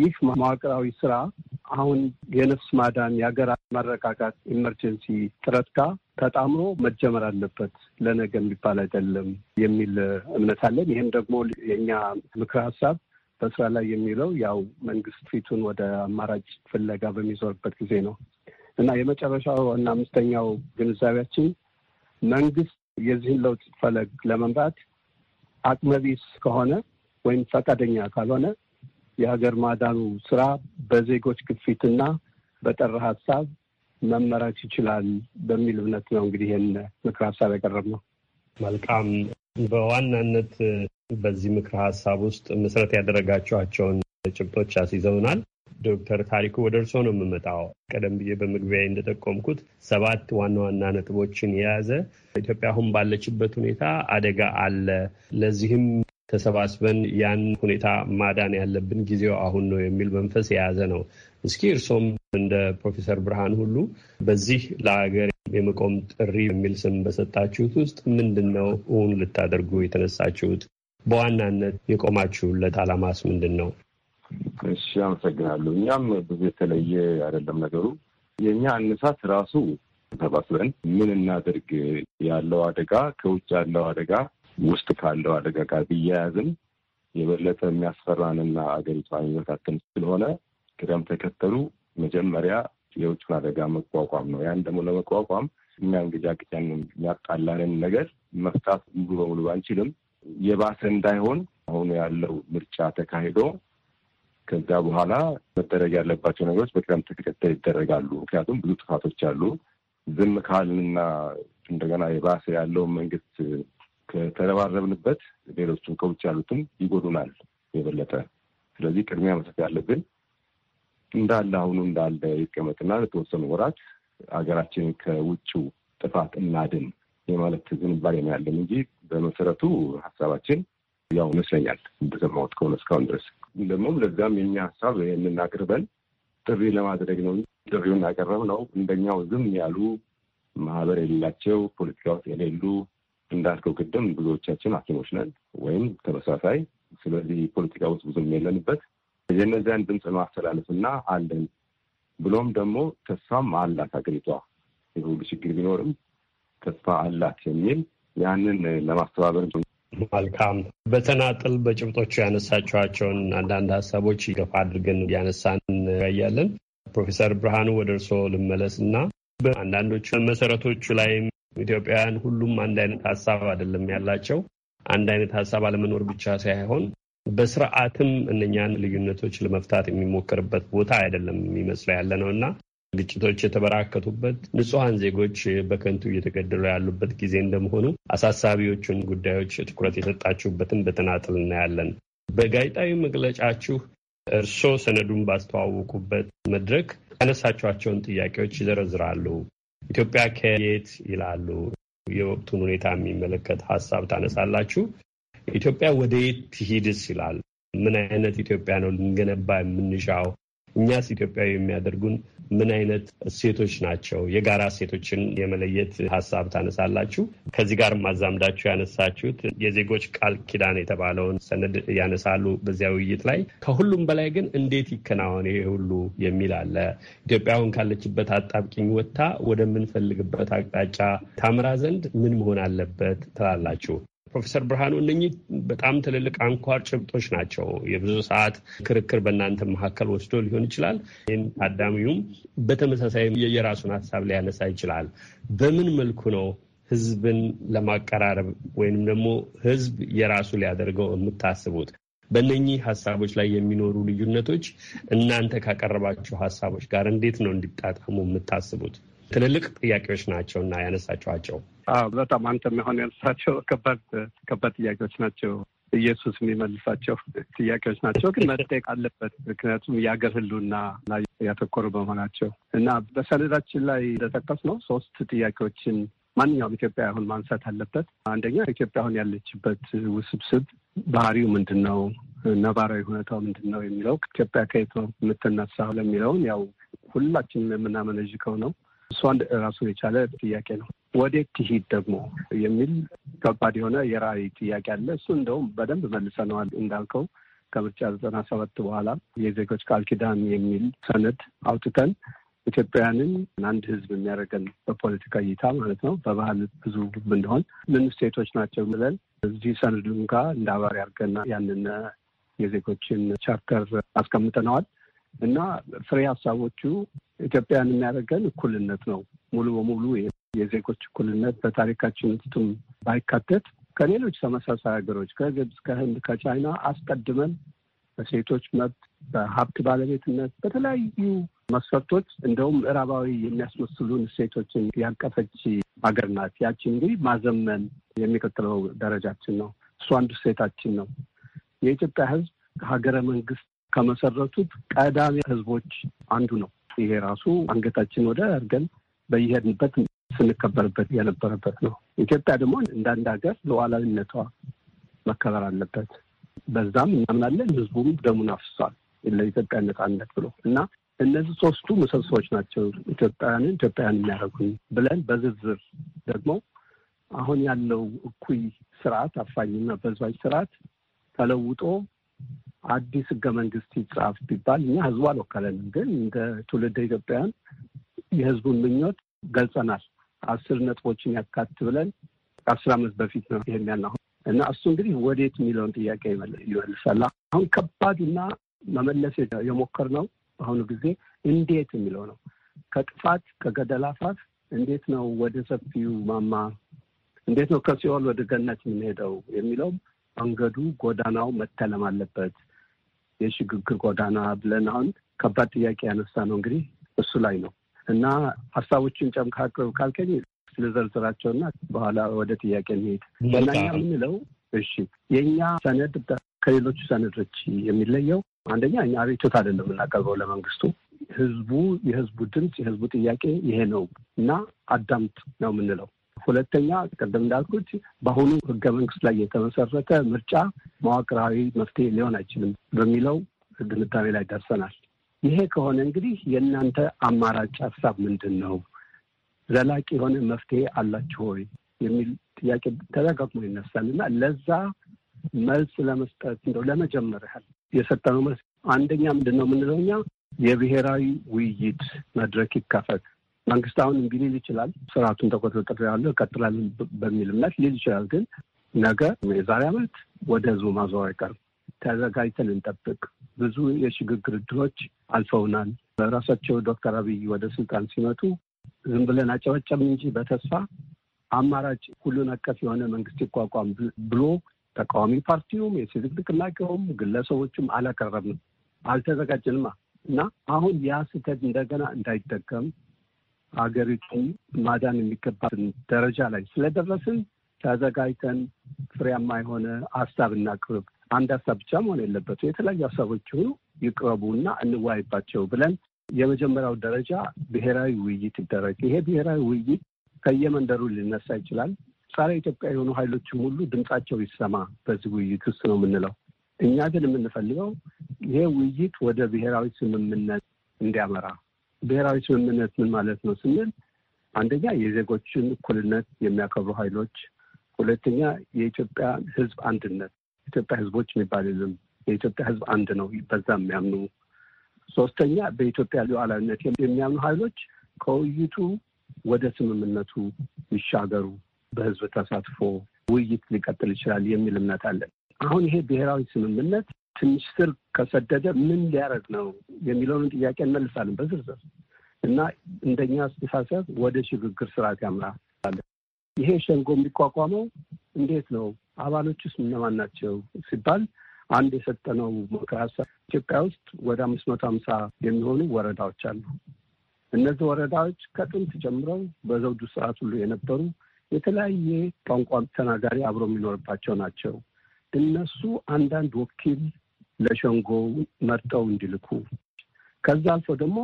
ይህ መዋቅራዊ ስራ አሁን የነፍስ ማዳን የሀገር መረጋጋት ኢመርጀንሲ ጥረት ጋር ተጣምሮ መጀመር አለበት። ለነገ የሚባል አይደለም የሚል እምነት አለን። ይህም ደግሞ የእኛ ምክረ ሀሳብ በስራ ላይ የሚለው ያው መንግስት ፊቱን ወደ አማራጭ ፍለጋ በሚዞርበት ጊዜ ነው እና የመጨረሻው እና አምስተኛው ግንዛቤያችን መንግስት የዚህን ለውጥ ፈለግ ለመምራት አቅመቢስ ከሆነ ወይም ፈቃደኛ ካልሆነ የሀገር ማዳኑ ስራ በዜጎች ግፊትና በጠራ ሀሳብ መመራት ይችላል በሚል እምነት ነው እንግዲህ ይህን ምክር ሀሳብ ያቀረብ ነው። መልካም። በዋናነት በዚህ ምክር ሀሳብ ውስጥ መሰረት ያደረጋችኋቸውን ጭብጦች አስይዘውናል። ዶክተር ታሪኩ ወደ እርስዎ ነው የምመጣው። ቀደም ብዬ በመግቢያ እንደጠቆምኩት ሰባት ዋና ዋና ነጥቦችን የያዘ ኢትዮጵያ አሁን ባለችበት ሁኔታ አደጋ አለ፣ ለዚህም ተሰባስበን ያን ሁኔታ ማዳን ያለብን ጊዜው አሁን ነው የሚል መንፈስ የያዘ ነው። እስኪ እርሶም እንደ ፕሮፌሰር ብርሃን ሁሉ በዚህ ለሀገር የመቆም ጥሪ የሚል ስም በሰጣችሁት ውስጥ ምንድን ነው እውን ልታደርጉ የተነሳችሁት? በዋናነት የቆማችሁለት አላማስ ምንድን ነው? እሺ፣ አመሰግናለሁ። እኛም ብዙ የተለየ አይደለም ነገሩ። የእኛ አነሳስ ራሱ ተሰባስበን ምን እናደርግ ያለው አደጋ ከውጭ ያለው አደጋ ውስጥ ካለው አደጋ ጋር ቢያያዝም የበለጠ የሚያስፈራንና አገሪቷ የሚበታተን ስለሆነ ቅደም ተከተሉ መጀመሪያ የውጭን አደጋ መቋቋም ነው። ያን ደግሞ ለመቋቋም የሚያንገጫግጫን የሚያጣላንን ነገር መፍታት ሙሉ በሙሉ ባንችልም የባሰ እንዳይሆን አሁኑ ያለው ምርጫ ተካሂዶ ከዛ በኋላ መደረግ ያለባቸው ነገሮች በቅደም ተከተል ይደረጋሉ። ምክንያቱም ብዙ ጥፋቶች አሉ። ዝም ካልንና እንደገና የባሰ ያለውን መንግስት ከተረባረብንበት ሌሎቹም ከውጭ ያሉትም ይጎዱናል የበለጠ። ስለዚህ ቅድሚያ መስጠት ያለብን እንዳለ አሁኑ እንዳለ ይቀመጥና ለተወሰኑ ወራት ሀገራችን ከውጭው ጥፋት እናድን የማለት ዝንባሌ ነው ያለን እንጂ በመሰረቱ ሀሳባችን ያው ይመስለኛል እንደሰማሁት ከሆነ እስካሁን ድረስ ደግሞም ለዛም የኛ ሀሳብ ይህንን አቅርበን ጥሪ ለማድረግ ነው። ጥሪውን ያቀረብ ነው እንደኛው ዝም ያሉ ማህበር የሌላቸው ፖለቲካ ውስጥ የሌሉ እንዳልከው ቅድም ብዙዎቻችን ሐኪሞች ነን ወይም ተመሳሳይ። ስለዚህ ፖለቲካ ውስጥ ብዙም የለንበት የእነዚያን ድምፅ ማስተላለፍ እና አለን ብሎም ደግሞ ተስፋም አላት ሀገሪቷ የሁሉ ችግር ቢኖርም ተስፋ አላት የሚል ያንን ለማስተባበር መልካም በተናጥል በጭብጦቹ ያነሳችኋቸውን አንዳንድ ሀሳቦች ገፋ አድርገን እያነሳን እንያያለን። ፕሮፌሰር ብርሃኑ ወደ እርስዎ ልመለስ እና በአንዳንዶቹ መሰረቶቹ ላይም ኢትዮጵያውያን ሁሉም አንድ አይነት ሀሳብ አይደለም ያላቸው። አንድ አይነት ሀሳብ አለመኖር ብቻ ሳይሆን በስርዓትም እነኛን ልዩነቶች ለመፍታት የሚሞከርበት ቦታ አይደለም የሚመስለው ያለ ነው እና ግጭቶች የተበራከቱበት ንጹሐን ዜጎች በከንቱ እየተገደሉ ያሉበት ጊዜ እንደመሆኑ አሳሳቢዎቹን ጉዳዮች ትኩረት የሰጣችሁበትን በተናጥል እናያለን። በጋዜጣዊ መግለጫችሁ እርስዎ ሰነዱን ባስተዋወቁበት መድረክ ያነሳችኋቸውን ጥያቄዎች ይዘረዝራሉ። ኢትዮጵያ ከየት ይላሉ የወቅቱን ሁኔታ የሚመለከት ሀሳብ ታነሳላችሁ። ኢትዮጵያ ወደ የት ትሂድስ ይላል። ምን አይነት ኢትዮጵያ ነው ልንገነባ የምንሻው? እኛስ ኢትዮጵያዊ የሚያደርጉን ምን አይነት እሴቶች ናቸው? የጋራ እሴቶችን የመለየት ሀሳብ ታነሳላችሁ። ከዚህ ጋር ማዛምዳችሁ ያነሳችሁት የዜጎች ቃል ኪዳን የተባለውን ሰነድ ያነሳሉ በዚያ ውይይት ላይ። ከሁሉም በላይ ግን እንዴት ይከናወን ይሄ ሁሉ የሚል አለ። ኢትዮጵያ አሁን ካለችበት አጣብቂኝ ወጥታ ወደምንፈልግበት አቅጣጫ ታምራ ዘንድ ምን መሆን አለበት ትላላችሁ? ፕሮፌሰር ብርሃኑ እነኚህ በጣም ትልልቅ አንኳር ጭብጦች ናቸው። የብዙ ሰዓት ክርክር በእናንተ መካከል ወስዶ ሊሆን ይችላል። ይህን ታዳሚውም በተመሳሳይ የራሱን ሀሳብ ሊያነሳ ይችላል። በምን መልኩ ነው ህዝብን ለማቀራረብ ወይንም ደግሞ ህዝብ የራሱ ሊያደርገው የምታስቡት? በእነኚህ ሀሳቦች ላይ የሚኖሩ ልዩነቶች እናንተ ካቀረባችሁ ሀሳቦች ጋር እንዴት ነው እንዲጣጣሙ የምታስቡት? ትልልቅ ጥያቄዎች ናቸው እና ያነሳችኋቸው። በጣም አንተም አሁን ያነሳቸው ከባድ ከባድ ጥያቄዎች ናቸው። ኢየሱስ የሚመልሳቸው ጥያቄዎች ናቸው፣ ግን መጠየቅ አለበት ምክንያቱም የአገር ህሉና ያተኮሩ በመሆናቸው እና በሰነዳችን ላይ ነው ሶስት ጥያቄዎችን ማንኛውም ኢትዮጵያ አሁን ማንሳት አለበት። አንደኛ ኢትዮጵያ አሁን ያለችበት ውስብስብ ባህሪው ምንድን ነው? ነባራዊ ሁኔታው ምንድን ነው የሚለው ኢትዮጵያ ከየት ነው የምትነሳው ለሚለውን ያው ሁላችንም የምናመነዥከው ነው። እሷን ራሱ የቻለ ጥያቄ ነው። ወዴት ትሂድ ደግሞ የሚል ከባድ የሆነ የራዕይ ጥያቄ አለ። እሱ እንደውም በደንብ መልሰነዋል እንዳልከው ከምርጫ ዘጠና ሰባት በኋላ የዜጎች ቃል ኪዳን የሚል ሰነድ አውጥተን ኢትዮጵያውያንን አንድ ሕዝብ የሚያደርገን በፖለቲካ እይታ ማለት ነው። በባህል ብዙ እንደሆን ምን ስቴቶች ናቸው ብለን እዚህ ሰነዱን ጋር እንደ አባሪ አድርገን ያንን የዜጎችን ቻርተር አስቀምጠነዋል እና ፍሬ ሀሳቦቹ ኢትዮጵያን የሚያደርገን እኩልነት ነው። ሙሉ በሙሉ የዜጎች እኩልነት በታሪካችን ውስጥም ባይካተት ከሌሎች ተመሳሳይ ሀገሮች ከግብፅ፣ ከህንድ፣ ከቻይና አስቀድመን በሴቶች መብት፣ በሀብት ባለቤትነት፣ በተለያዩ መስፈርቶች እንደውም ምዕራባዊ የሚያስመስሉን እሴቶችን ያቀፈች ሀገር ናት። ያችን እንግዲህ ማዘመን የሚቀጥለው ደረጃችን ነው። እሱ አንዱ እሴታችን ነው። የኢትዮጵያ ህዝብ ሀገረ መንግስት ከመሰረቱት ቀዳሚ ህዝቦች አንዱ ነው። ይሄ ራሱ አንገታችን ወደ አድርገን በየሄድንበት ስንከበርበት የነበረበት ነው። ኢትዮጵያ ደግሞ እንደ አንድ ሀገር ሉዓላዊነቷ መከበር አለበት። በዛም እናምናለን። ህዝቡም ደሙን አፍሷል ለኢትዮጵያ ነጻነት ብሎ እና እነዚህ ሶስቱ ምሰሶዎች ናቸው ኢትዮጵያውያንን ኢትዮጵያውያን የሚያደርጉን ብለን በዝርዝር ደግሞ አሁን ያለው እኩይ ስርዓት አፋኝና በዝባጅ ስርዓት ተለውጦ አዲስ ህገ መንግስት ይጻፍ ቢባል እኛ ህዝቡ አልወከለንም፣ ግን እንደ ትውልደ ኢትዮጵያውያን የህዝቡን ምኞት ገልጸናል። አስር ነጥቦችን ያካት ብለን ከአስር ዓመት በፊት ነው ይሄን ያልነው እና እሱ እንግዲህ ወዴት የሚለውን ጥያቄ ይመልሳል። አሁን ከባዱና መመለስ የሞከርነው በአሁኑ ጊዜ እንዴት የሚለው ነው። ከጥፋት ከገደል አፋፍ እንዴት ነው ወደ ሰፊው ማማ፣ እንዴት ነው ከሲኦል ወደ ገነት የምንሄደው የሚለው መንገዱ ጎዳናው መተለም አለበት። የሽግግር ጎዳና ብለን አሁን ከባድ ጥያቄ ያነሳ ነው እንግዲህ እሱ ላይ ነው እና ሀሳቦችን ጨምቃ ካልከኝ ስለዘርዝራቸው ስለዘርዝራቸውና በኋላ ወደ ጥያቄ እንሄድ እና የምንለው እሺ የእኛ ሰነድ ከሌሎቹ ሰነዶች የሚለየው አንደኛ እኛ አቤቱታ አይደለም የምናቀርበው ለመንግስቱ። ህዝቡ የህዝቡ ድምፅ የህዝቡ ጥያቄ ይሄ ነው እና አዳምት ነው የምንለው። ሁለተኛ ቅድም እንዳልኩት በአሁኑ ህገ መንግስት ላይ የተመሰረተ ምርጫ መዋቅራዊ መፍትሄ ሊሆን አይችልም በሚለው ድምዳሜ ላይ ደርሰናል። ይሄ ከሆነ እንግዲህ የእናንተ አማራጭ ሀሳብ ምንድን ነው? ዘላቂ የሆነ መፍትሄ አላችሁ ወይ የሚል ጥያቄ ተደጋግሞ ይነሳል እና ለዛ መልስ ለመስጠት እንደው ለመጀመር ያህል የሰጠነው መልስ አንደኛ ምንድን ነው የምንለው እኛ የብሔራዊ ውይይት መድረክ ይከፈት መንግስት አሁን እንቢ ሊል ይችላል። ስርዓቱን ተቆጣጠር ያለ ይቀጥላል በሚል እምነት ሊል ይችላል። ግን ነገ የዛሬ ዓመት ወደ ህዝቡ ማዞር አይቀርም። ተዘጋጅተን እንጠብቅ። ብዙ የሽግግር እድሎች አልፈውናል። ራሳቸው ዶክተር አብይ ወደ ስልጣን ሲመጡ ዝም ብለን አጨበጨብን እንጂ በተስፋ አማራጭ ሁሉን አቀፍ የሆነ መንግስት ይቋቋም ብሎ ተቃዋሚ ፓርቲውም የሲቪክ ንቅናቄውም ግለሰቦቹም አላቀረብንም፣ አልተዘጋጀንማ እና አሁን ያ ስህተት እንደገና እንዳይደገም አገሪቱን ማዳን የሚገባትን ደረጃ ላይ ስለደረስን ተዘጋጅተን ፍሬያማ የሆነ ሀሳብ እናቅርብ። አንድ ሀሳብ ብቻ መሆን የለበት የተለያዩ ሀሳቦች ሆኑ ይቅረቡ እና እንዋይባቸው ብለን የመጀመሪያው ደረጃ ብሔራዊ ውይይት ይደረግ። ይሄ ብሔራዊ ውይይት ከየመንደሩ ሊነሳ ይችላል። ጸረ ኢትዮጵያ የሆኑ ሀይሎችም ሁሉ ድምጻቸው ይሰማ በዚህ ውይይት ውስጥ ነው የምንለው። እኛ ግን የምንፈልገው ይሄ ውይይት ወደ ብሔራዊ ስምምነት እንዲያመራ ብሔራዊ ስምምነት ምን ማለት ነው ስንል አንደኛ የዜጎችን እኩልነት የሚያከብሩ ኃይሎች፣ ሁለተኛ የኢትዮጵያ ሕዝብ አንድነት ኢትዮጵያ ሕዝቦች የሚባል የኢትዮጵያ ሕዝብ አንድ ነው፣ በዛ የሚያምኑ ሶስተኛ በኢትዮጵያ ሉዓላዊነት የሚያምኑ ኃይሎች ከውይይቱ ወደ ስምምነቱ ይሻገሩ፣ በህዝብ ተሳትፎ ውይይት ሊቀጥል ይችላል የሚል እምነት አለን። አሁን ይሄ ብሔራዊ ስምምነት ትንሽ ስር ከሰደደ ምን ሊያደርግ ነው የሚለውን ጥያቄ እንመልሳለን በዝርዝር እና እንደኛ አስተሳሰብ ወደ ሽግግር ስርዓት ያምራል። ይሄ ሸንጎ የሚቋቋመው እንዴት ነው? አባሎቹስ እነማን ናቸው ሲባል አንድ የሰጠነው ምክረ ሀሳብ ኢትዮጵያ ውስጥ ወደ አምስት መቶ ሀምሳ የሚሆኑ ወረዳዎች አሉ። እነዚህ ወረዳዎች ከጥንት ጀምረው በዘውዱ ስርዓት ሁሉ የነበሩ የተለያየ ቋንቋ ተናጋሪ አብሮ የሚኖርባቸው ናቸው። እነሱ አንዳንድ ወኪል ለሸንጎ መርጠው እንዲልኩ ከዛ አልፎ ደግሞ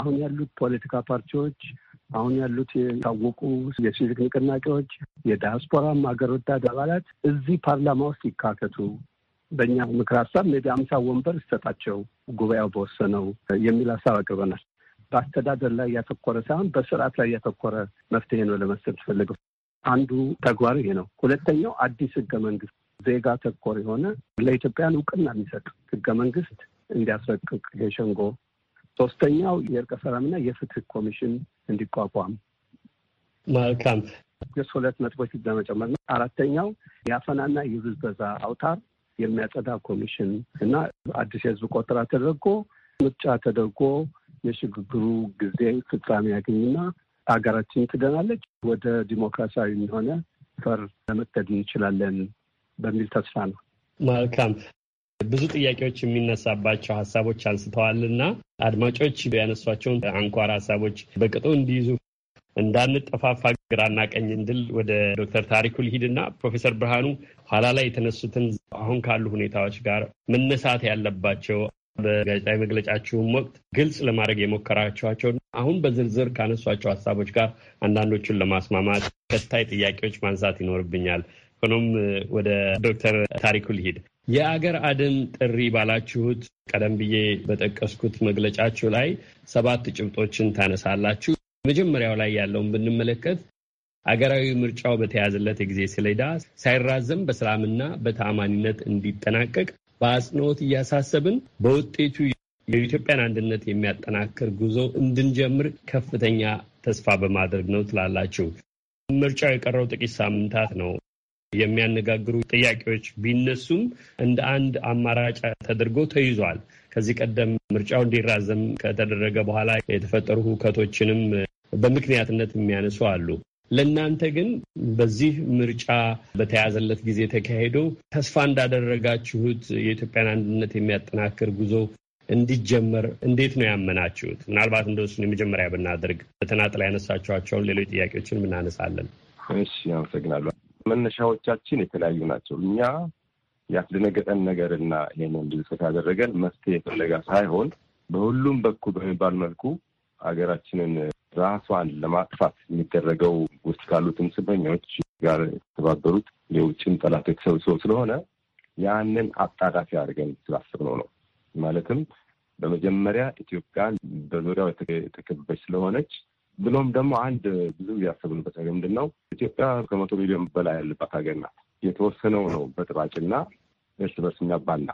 አሁን ያሉት ፖለቲካ ፓርቲዎች አሁን ያሉት የታወቁ የሲቪክ ንቅናቄዎች የዳያስፖራም ሀገር ወዳድ አባላት እዚህ ፓርላማ ውስጥ ይካተቱ፣ በእኛ ምክር ሀሳብ ሜቢ አምሳ ወንበር ይሰጣቸው ጉባኤው በወሰነው የሚል ሀሳብ አቅርበናል። በአስተዳደር ላይ ያተኮረ ሳይሆን በስርዓት ላይ ያተኮረ መፍትሄ ነው ለመስጠት ፈልገው አንዱ ተግባር ይሄ ነው። ሁለተኛው አዲስ ህገ መንግስት ዜጋ ተኮር የሆነ ለኢትዮጵያን እውቅና የሚሰጥ ህገ መንግስት እንዲያስረቅቅ የሸንጎ ሶስተኛው የእርቀ ሰላምና የፍትህ ኮሚሽን እንዲቋቋም መልካም የሶስት ሁለት ነጥቦች ለመጨመር ነው። አራተኛው የአፈናና የብዝበዛ አውታር የሚያጸዳ ኮሚሽን እና አዲስ የህዝብ ቆጠራ ተደርጎ ምርጫ ተደርጎ የሽግግሩ ጊዜ ፍጻሜ ያገኝና ሀገራችን ትደናለች፣ ወደ ዲሞክራሲያዊ የሆነ ፈር ለመተድ እንችላለን በሚል ተስፋ ነው። መልካም። ብዙ ጥያቄዎች የሚነሳባቸው ሀሳቦች አንስተዋልና አድማጮች ያነሷቸውን አንኳር ሀሳቦች በቅጡ እንዲይዙ እንዳንጠፋፋ ግራና ቀኝ እንድል ወደ ዶክተር ታሪኩ ልሂድና ፕሮፌሰር ብርሃኑ ኋላ ላይ የተነሱትን አሁን ካሉ ሁኔታዎች ጋር መነሳት ያለባቸው በጋዜጣዊ መግለጫችሁም ወቅት ግልጽ ለማድረግ የሞከራችኋቸው አሁን በዝርዝር ካነሷቸው ሀሳቦች ጋር አንዳንዶቹን ለማስማማት ተከታይ ጥያቄዎች ማንሳት ይኖርብኛል። ሆኖም ወደ ዶክተር ታሪኩ ልሂድ። የአገር አድን ጥሪ ባላችሁት ቀደም ብዬ በጠቀስኩት መግለጫችሁ ላይ ሰባት ጭብጦችን ታነሳላችሁ። መጀመሪያው ላይ ያለውን ብንመለከት አገራዊ ምርጫው በተያዘለት የጊዜ ሰሌዳ ሳይራዘም በሰላምና በተአማኒነት እንዲጠናቀቅ በአጽንኦት እያሳሰብን በውጤቱ የኢትዮጵያን አንድነት የሚያጠናክር ጉዞ እንድንጀምር ከፍተኛ ተስፋ በማድረግ ነው ትላላችሁ። ምርጫው የቀረው ጥቂት ሳምንታት ነው። የሚያነጋግሩ ጥያቄዎች ቢነሱም እንደ አንድ አማራጭ ተደርጎ ተይዟል። ከዚህ ቀደም ምርጫው እንዲራዘም ከተደረገ በኋላ የተፈጠሩ ሁከቶችንም በምክንያትነት የሚያነሱ አሉ። ለእናንተ ግን በዚህ ምርጫ በተያዘለት ጊዜ ተካሄዶ ተስፋ እንዳደረጋችሁት የኢትዮጵያን አንድነት የሚያጠናክር ጉዞ እንዲጀመር እንዴት ነው ያመናችሁት? ምናልባት እንደሱን የመጀመሪያ ብናደርግ በተናጠል ያነሳችኋቸውን ሌሎች ጥያቄዎችን እናነሳለን። እሺ፣ አመሰግናለሁ። መነሻዎቻችን የተለያዩ ናቸው። እኛ ያስደነገጠን ነገርና ይህንን እንድንጽፍ ያደረገን መፍትሄ ፍለጋ ሳይሆን በሁሉም በኩል በሚባል መልኩ ሀገራችንን ራሷን ለማጥፋት የሚደረገው ውስጥ ካሉትም ጽንፈኞች ጋር የተባበሩት የውጭም ጠላት የተሰብስበው ስለሆነ ያንን አጣዳፊ አድርገን ስላሰብነው ነው። ማለትም በመጀመሪያ ኢትዮጵያን በዙሪያው የተከበበች ስለሆነች ብሎም ደግሞ አንድ ብዙ ያሰብንበት ነገር ምንድን ነው፣ ኢትዮጵያ ከመቶ ሚሊዮን በላይ ያለባት ሀገር ናት። የተወሰነው ነው በጥባጭና እርስ በርስ የሚያባላ።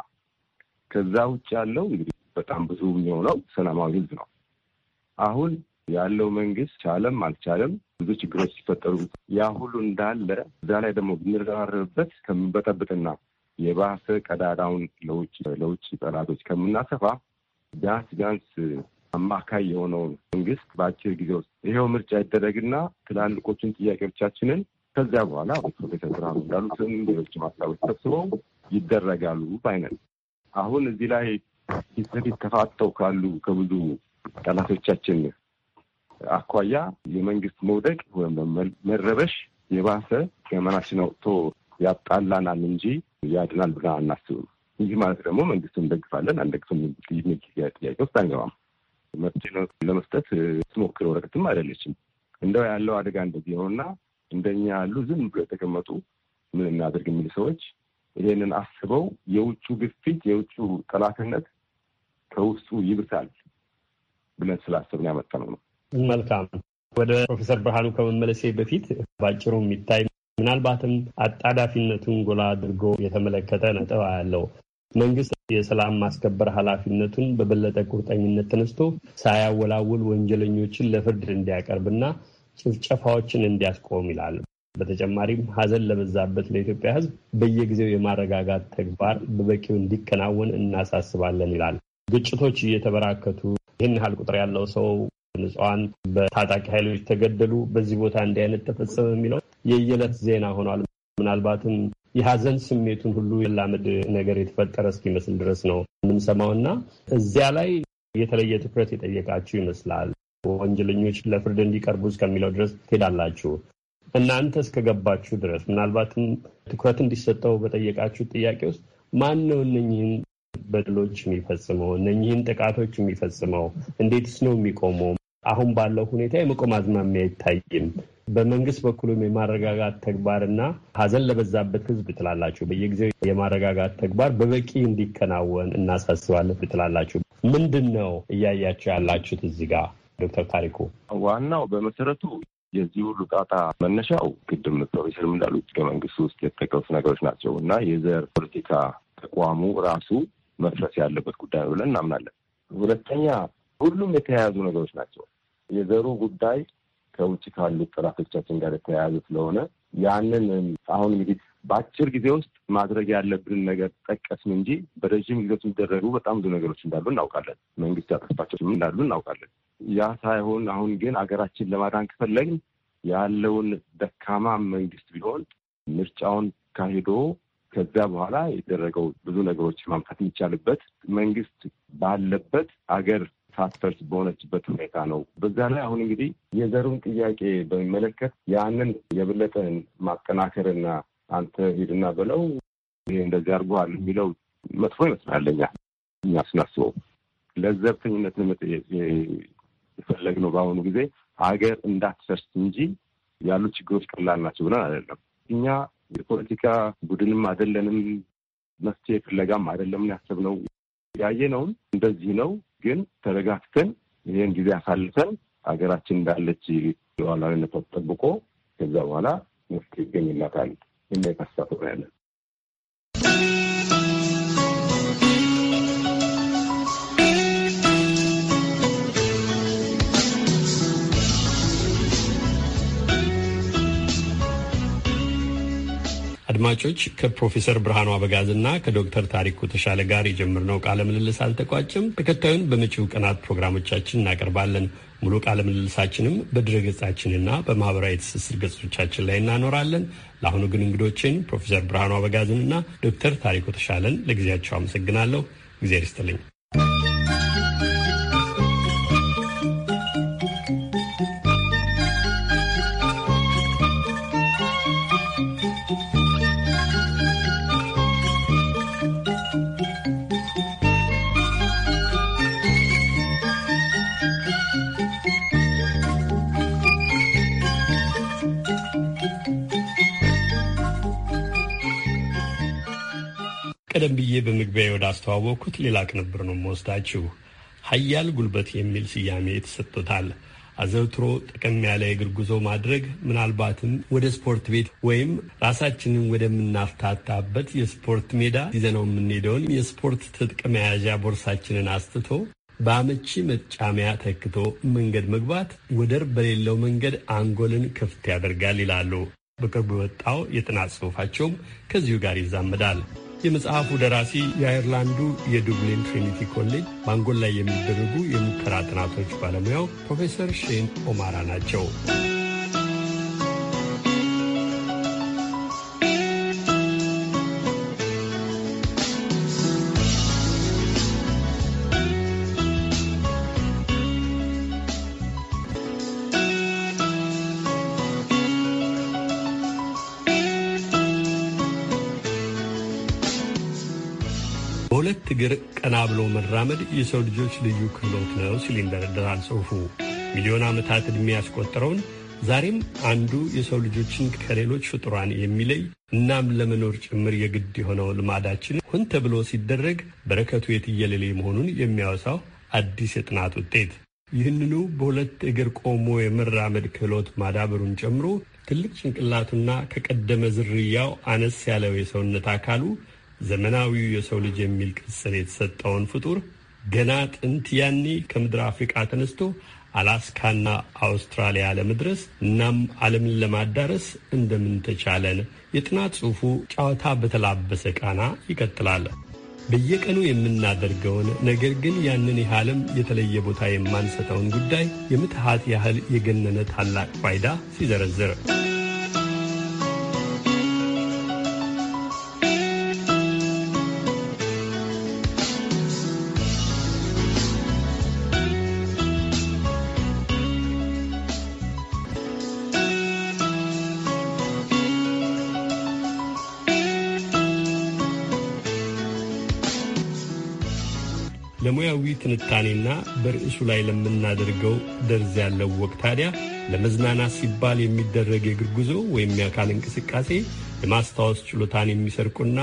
ከዛ ውጭ ያለው እንግዲህ በጣም ብዙ የሚሆነው ሰላማዊ ህዝብ ነው። አሁን ያለው መንግስት ቻለም አልቻለም ብዙ ችግሮች ሲፈጠሩ ያ ሁሉ እንዳለ እዛ ላይ ደግሞ ብንረባረብበት ከምንበጠብጥና የባሰ ቀዳዳውን ለውጭ ለውጭ ጠላቶች ከምናሰፋ ቢያንስ ቢያንስ አማካይ የሆነውን መንግስት በአጭር ጊዜ ውስጥ ይኸው ምርጫ ይደረግና ትላልቆችን ጥያቄዎቻችንን ከዚያ በኋላ ፕሮፌሰር ብርሃኑ እንዳሉትም ሌሎችም ሀሳቦች ተሰብስበው ይደረጋሉ ባይነት አሁን እዚህ ላይ ፊት ለፊት ተፋጠው ካሉ ከብዙ ጠላቶቻችን አኳያ የመንግስት መውደቅ ወይም መረበሽ የባሰ ገመናችን አውጥቶ ያጣላናል እንጂ ያድናል ብለን አናስብም። ይህ ማለት ደግሞ መንግስቱን እንደግፋለን አንደግፍም የሚል ጥያቄ ውስጥ አንገባም። መፍትሄ ለመስጠት ትሞክር ወረቀትም አይደለችም። እንደው ያለው አደጋ እንደዚህ ነውና እንደኛ ያሉ ዝም ብሎ የተቀመጡ ምን እናደርግ የሚል ሰዎች ይሄንን አስበው የውጩ ግፊት የውጩ ጠላትነት ከውስጡ ይብሳል ብለን ስላሰብን ያመጣነው ነው። መልካም። ወደ ፕሮፌሰር ብርሃኑ ከመመለሴ በፊት ባጭሩ የሚታይ ምናልባትም አጣዳፊነቱን ጎላ አድርጎ የተመለከተ ነጥብ ያለው መንግስት የሰላም ማስከበር ኃላፊነቱን በበለጠ ቁርጠኝነት ተነስቶ ሳያወላውል ወንጀለኞችን ለፍርድ እንዲያቀርብና ጭፍጨፋዎችን እንዲያስቆም ይላል። በተጨማሪም ሀዘን ለበዛበት ለኢትዮጵያ ሕዝብ በየጊዜው የማረጋጋት ተግባር በበቂው እንዲከናወን እናሳስባለን ይላል። ግጭቶች እየተበራከቱ ይህን ያህል ቁጥር ያለው ሰው ንጹሐን በታጣቂ ኃይሎች ተገደሉ፣ በዚህ ቦታ እንዲህ አይነት ተፈጸመ የሚለው የየዕለት ዜና ሆኗል። ምናልባትም የሀዘን ስሜቱን ሁሉ የላምድ ነገር የተፈጠረ እስኪመስል ድረስ ነው እና እዚያ ላይ የተለየ ትኩረት የጠየቃችሁ ይመስላል። ወንጀለኞች ለፍርድ እንዲቀርቡ እስከሚለው ድረስ ትሄዳላችሁ። እናንተ እስከገባችሁ ድረስ ምናልባትም ትኩረት እንዲሰጠው በጠየቃችሁ ጥያቄ ውስጥ ማን ነው እነኝህን በድሎች የሚፈጽመው? እነኝህን ጥቃቶች የሚፈጽመው? እንዴትስ ነው የሚቆመው? አሁን ባለው ሁኔታ የመቆም አዝማሚያ አይታይም። በመንግስት በኩልም የማረጋጋት ተግባርና ሀዘን ለበዛበት ህዝብ ትላላችሁ። በየጊዜው የማረጋጋት ተግባር በበቂ እንዲከናወን እናሳስባለን ትላላችሁ። ምንድን ነው እያያችሁ ያላችሁት እዚህ ጋር ዶክተር ታሪኩ? ዋናው በመሰረቱ የዚህ ሁሉ ጣጣ መነሻው ቅድም ፕሮፌሰር እንዳሉት በመንግስት ውስጥ የተጠቀሱ ነገሮች ናቸው እና የዘር ፖለቲካ ተቋሙ ራሱ መፍረስ ያለበት ጉዳይ ነው ብለን እናምናለን። ሁለተኛ ሁሉም የተያያዙ ነገሮች ናቸው። የዘሩ ጉዳይ ከውጭ ካሉ ጥራቶቻችን ጋር የተያያዘ ስለሆነ ያንን አሁን እንግዲህ በአጭር ጊዜ ውስጥ ማድረግ ያለብንን ነገር ጠቀስን እንጂ በረዥም ጊዜ ውስጥ የሚደረጉ በጣም ብዙ ነገሮች እንዳሉ እናውቃለን። መንግስት ያጠፋቸው እንዳሉ እናውቃለን። ያ ሳይሆን አሁን ግን አገራችን ለማዳን ከፈለግን ያለውን ደካማ መንግስት ቢሆን ምርጫውን ካሂዶ ከዚያ በኋላ የተደረገው ብዙ ነገሮች ማምጣት የሚቻልበት መንግስት ባለበት አገር ፋክተርስ በሆነችበት ሁኔታ ነው። በዛ ላይ አሁን እንግዲህ የዘሩን ጥያቄ በሚመለከት ያንን የበለጠን ማጠናከርና አንተ ሂድና በለው ይሄ እንደዚህ አድርገዋል የሚለው መጥፎ ይመስላለኛ እኛ ስናስበው ለዘብተኝነት የፈለግነው በአሁኑ ጊዜ ሀገር እንዳትፈርስ እንጂ ያሉ ችግሮች ቀላል ናቸው ብለን አይደለም። እኛ የፖለቲካ ቡድንም አይደለንም፣ መፍትሄ ፍለጋም አይደለምን ያሰብነው ያየነውን እንደዚህ ነው ግን ተረጋግተን ይህን ጊዜ አሳልፈን ሀገራችን እንዳለች ሉዓላዊነት ተጠብቆ ከዛ በኋላ መፍትሄ ይገኝላታል የሚያሳሰብ ያለን አድማጮች ከፕሮፌሰር ብርሃኑ አበጋዝ እና ከዶክተር ታሪኩ ተሻለ ጋር የጀመርነው ቃለ ምልልስ አልተቋጭም። ተከታዩን በመጪው ቀናት ፕሮግራሞቻችን እናቀርባለን። ሙሉ ቃለ ምልልሳችንም በድረ ገጻችንና በማህበራዊ ትስስር ገጾቻችን ላይ እናኖራለን። ለአሁኑ ግን እንግዶችን ፕሮፌሰር ብርሃኑ አበጋዝን አበጋዝንና ዶክተር ታሪኩ ተሻለን ለጊዜያቸው አመሰግናለሁ። እግዜር ይስጥልኝ። ቀደም ብዬ በመግቢያ ወደ አስተዋወቅኩት ሌላ ቅንብር ነው መወስዳችሁ። ሀያል ጉልበት የሚል ስያሜ ተሰጥቶታል። አዘውትሮ ጥቅም ያለ የእግር ጉዞ ማድረግ ምናልባትም ወደ ስፖርት ቤት ወይም ራሳችንን ወደምናፍታታበት የስፖርት ሜዳ ይዘነው የምንሄደውን የስፖርት ትጥቅ መያዣ ቦርሳችንን አስትቶ በአመቺ መጫሚያ ተክቶ መንገድ መግባት ወደር በሌለው መንገድ አንጎልን ክፍት ያደርጋል ይላሉ። በቅርቡ የወጣው የጥናት ጽሑፋቸውም ከዚሁ ጋር ይዛመዳል። የመጽሐፉ ደራሲ የአይርላንዱ የዱብሊን ትሪኒቲ ኮሌጅ ማንጎል ላይ የሚደረጉ የሙከራ ጥናቶች ባለሙያው ፕሮፌሰር ሼን ኦማራ ናቸው። በሁለት እግር ቀና ብሎ መራመድ የሰው ልጆች ልዩ ክህሎት ነው ሲል ይንደረደራል ጽሑፉ። ሚሊዮን ዓመታት ዕድሜ ያስቆጠረውን ዛሬም አንዱ የሰው ልጆችን ከሌሎች ፍጡራን የሚለይ እናም ለመኖር ጭምር የግድ የሆነው ልማዳችን ሁን ተብሎ ሲደረግ በረከቱ የትየለሌ መሆኑን የሚያወሳው አዲስ የጥናት ውጤት ይህንኑ በሁለት እግር ቆሞ የመራመድ ክህሎት ማዳበሩን ጨምሮ ትልቅ ጭንቅላቱና ከቀደመ ዝርያው አነስ ያለው የሰውነት አካሉ ዘመናዊው የሰው ልጅ የሚል ቅጽል የተሰጠውን ፍጡር ገና ጥንት ያኔ ከምድር አፍሪቃ ተነስቶ አላስካና አውስትራሊያ ለመድረስ እናም ዓለምን ለማዳረስ እንደምን ተቻለን? የጥናት ጽሑፉ ጨዋታ በተላበሰ ቃና ይቀጥላል። በየቀኑ የምናደርገውን ነገር ግን ያንን ያህልም የተለየ ቦታ የማንሰጠውን ጉዳይ የምትሃት ያህል የገነነ ታላቅ ፋይዳ ሲዘረዝር ትንታኔና በርዕሱ ላይ ለምናደርገው ደርዝ ያለው ወቅ ታዲያ ለመዝናናት ሲባል የሚደረግ የእግር ጉዞ ወይም የአካል እንቅስቃሴ የማስታወስ ችሎታን የሚሰርቁና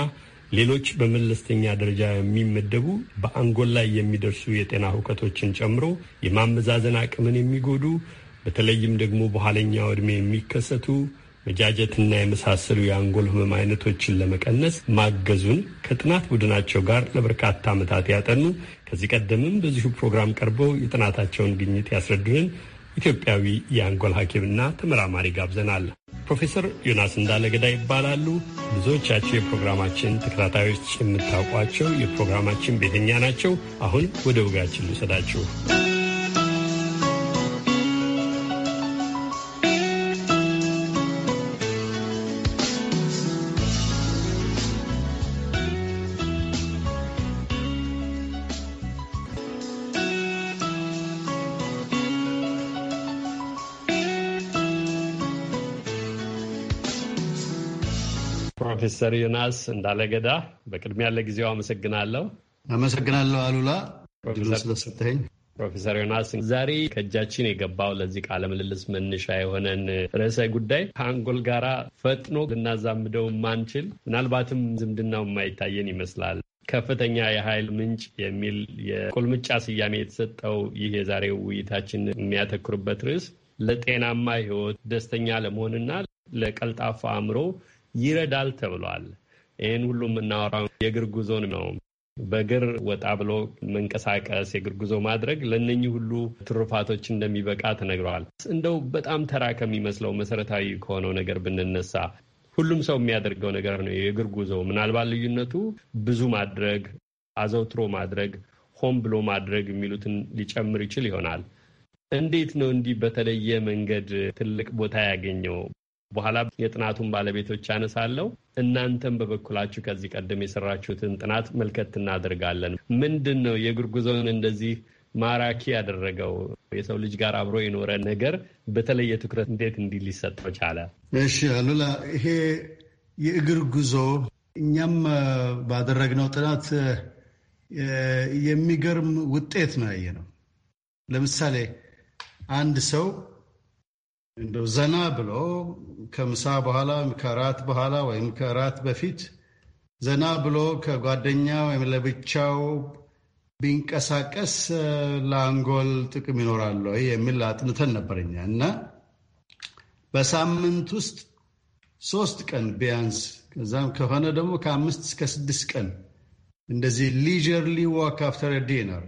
ሌሎች በመለስተኛ ደረጃ የሚመደቡ በአንጎል ላይ የሚደርሱ የጤና ሁከቶችን ጨምሮ የማመዛዘን አቅምን የሚጎዱ በተለይም ደግሞ በኋለኛው ዕድሜ የሚከሰቱ መጃጀትና የመሳሰሉ የአንጎል ህመም አይነቶችን ለመቀነስ ማገዙን ከጥናት ቡድናቸው ጋር ለበርካታ ዓመታት ያጠኑ ከዚህ ቀደምም በዚሁ ፕሮግራም ቀርበው የጥናታቸውን ግኝት ያስረዱንን ኢትዮጵያዊ የአንጎል ሐኪምና ተመራማሪ ጋብዘናል። ፕሮፌሰር ዮናስ እንዳለገዳ ይባላሉ። ብዙዎቻቸው የፕሮግራማችን ተከታታዮች የምታውቋቸው የፕሮግራማችን ቤተኛ ናቸው። አሁን ወደ ውጋችን ልውሰዳችሁ። ዶክተር ዮናስ እንዳለገዳ በቅድሚያ ለጊዜው አመሰግናለሁ። አመሰግናለሁ አሉላ ስለሰጠኝ። ፕሮፌሰር ዮናስ ዛሬ ከእጃችን የገባው ለዚህ ቃለ ምልልስ መነሻ የሆነን ርዕሰ ጉዳይ ከአንጎል ጋራ ፈጥኖ ልናዛምደው ማንችል ምናልባትም ዝምድናው የማይታየን ይመስላል ከፍተኛ የኃይል ምንጭ የሚል የቁልምጫ ስያሜ የተሰጠው ይህ የዛሬ ውይይታችን የሚያተኩርበት ርዕስ ለጤናማ ሕይወት ደስተኛ ለመሆንና ለቀልጣፋ አእምሮ ይረዳል ተብሏል። ይህን ሁሉ የምናወራው የእግር ጉዞን ነው። በእግር ወጣ ብሎ መንቀሳቀስ፣ የእግር ጉዞ ማድረግ ለእነኚህ ሁሉ ትሩፋቶች እንደሚበቃ ተነግረዋል። እንደው በጣም ተራ ከሚመስለው መሰረታዊ ከሆነው ነገር ብንነሳ ሁሉም ሰው የሚያደርገው ነገር ነው የእግር ጉዞ። ምናልባት ልዩነቱ ብዙ ማድረግ፣ አዘውትሮ ማድረግ፣ ሆን ብሎ ማድረግ የሚሉትን ሊጨምር ይችል ይሆናል። እንዴት ነው እንዲህ በተለየ መንገድ ትልቅ ቦታ ያገኘው በኋላ የጥናቱን ባለቤቶች አነሳለሁ። እናንተም በበኩላችሁ ከዚህ ቀደም የሰራችሁትን ጥናት መልከት እናደርጋለን። ምንድን ነው የእግር ጉዞን እንደዚህ ማራኪ ያደረገው የሰው ልጅ ጋር አብሮ የኖረ ነገር በተለየ ትኩረት እንዴት እንዲህ ሊሰጠው ቻለ? እሺ አሉላ፣ ይሄ የእግር ጉዞ እኛም ባደረግነው ጥናት የሚገርም ውጤት ነው ያየነው። ለምሳሌ አንድ ሰው እንደው ዘና ብሎ ከምሳ በኋላ ከራት በኋላ ወይም ከራት በፊት ዘና ብሎ ከጓደኛ ወይም ለብቻው ቢንቀሳቀስ ለአንጎል ጥቅም ይኖራል የሚል አጥንተን ነበረኛ እና በሳምንት ውስጥ ሶስት ቀን ቢያንስ ከዛም ከሆነ ደግሞ ከአምስት እስከ ስድስት ቀን እንደዚህ ሊጀርሊ ዋክ አፍተር ዲነር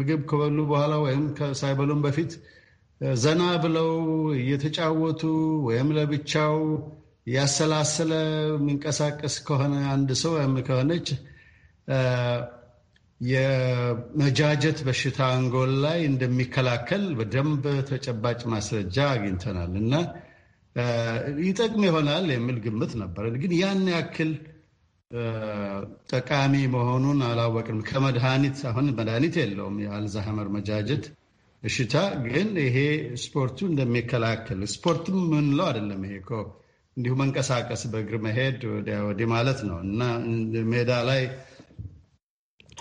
ምግብ ከበሉ በኋላ ወይም ሳይበሉም በፊት ዘና ብለው እየተጫወቱ ወይም ለብቻው ያሰላሰለ የሚንቀሳቀስ ከሆነ አንድ ሰው ወይም ከሆነች የመጃጀት በሽታ አንጎል ላይ እንደሚከላከል በደንብ ተጨባጭ ማስረጃ አግኝተናል እና ይጠቅም ይሆናል የሚል ግምት ነበረ ግን ያን ያክል ጠቃሚ መሆኑን አላወቅንም። ከመድኃኒት አሁን መድኃኒት የለውም የአልዛሃመር መጃጀት እሽታ ግን ይሄ ስፖርቱ እንደሚከላከል ስፖርትም ምንለው አይደለም። ይሄ እኮ እንዲሁ መንቀሳቀስ በእግር መሄድ ወዲያ ወዲህ ማለት ነው እና ሜዳ ላይ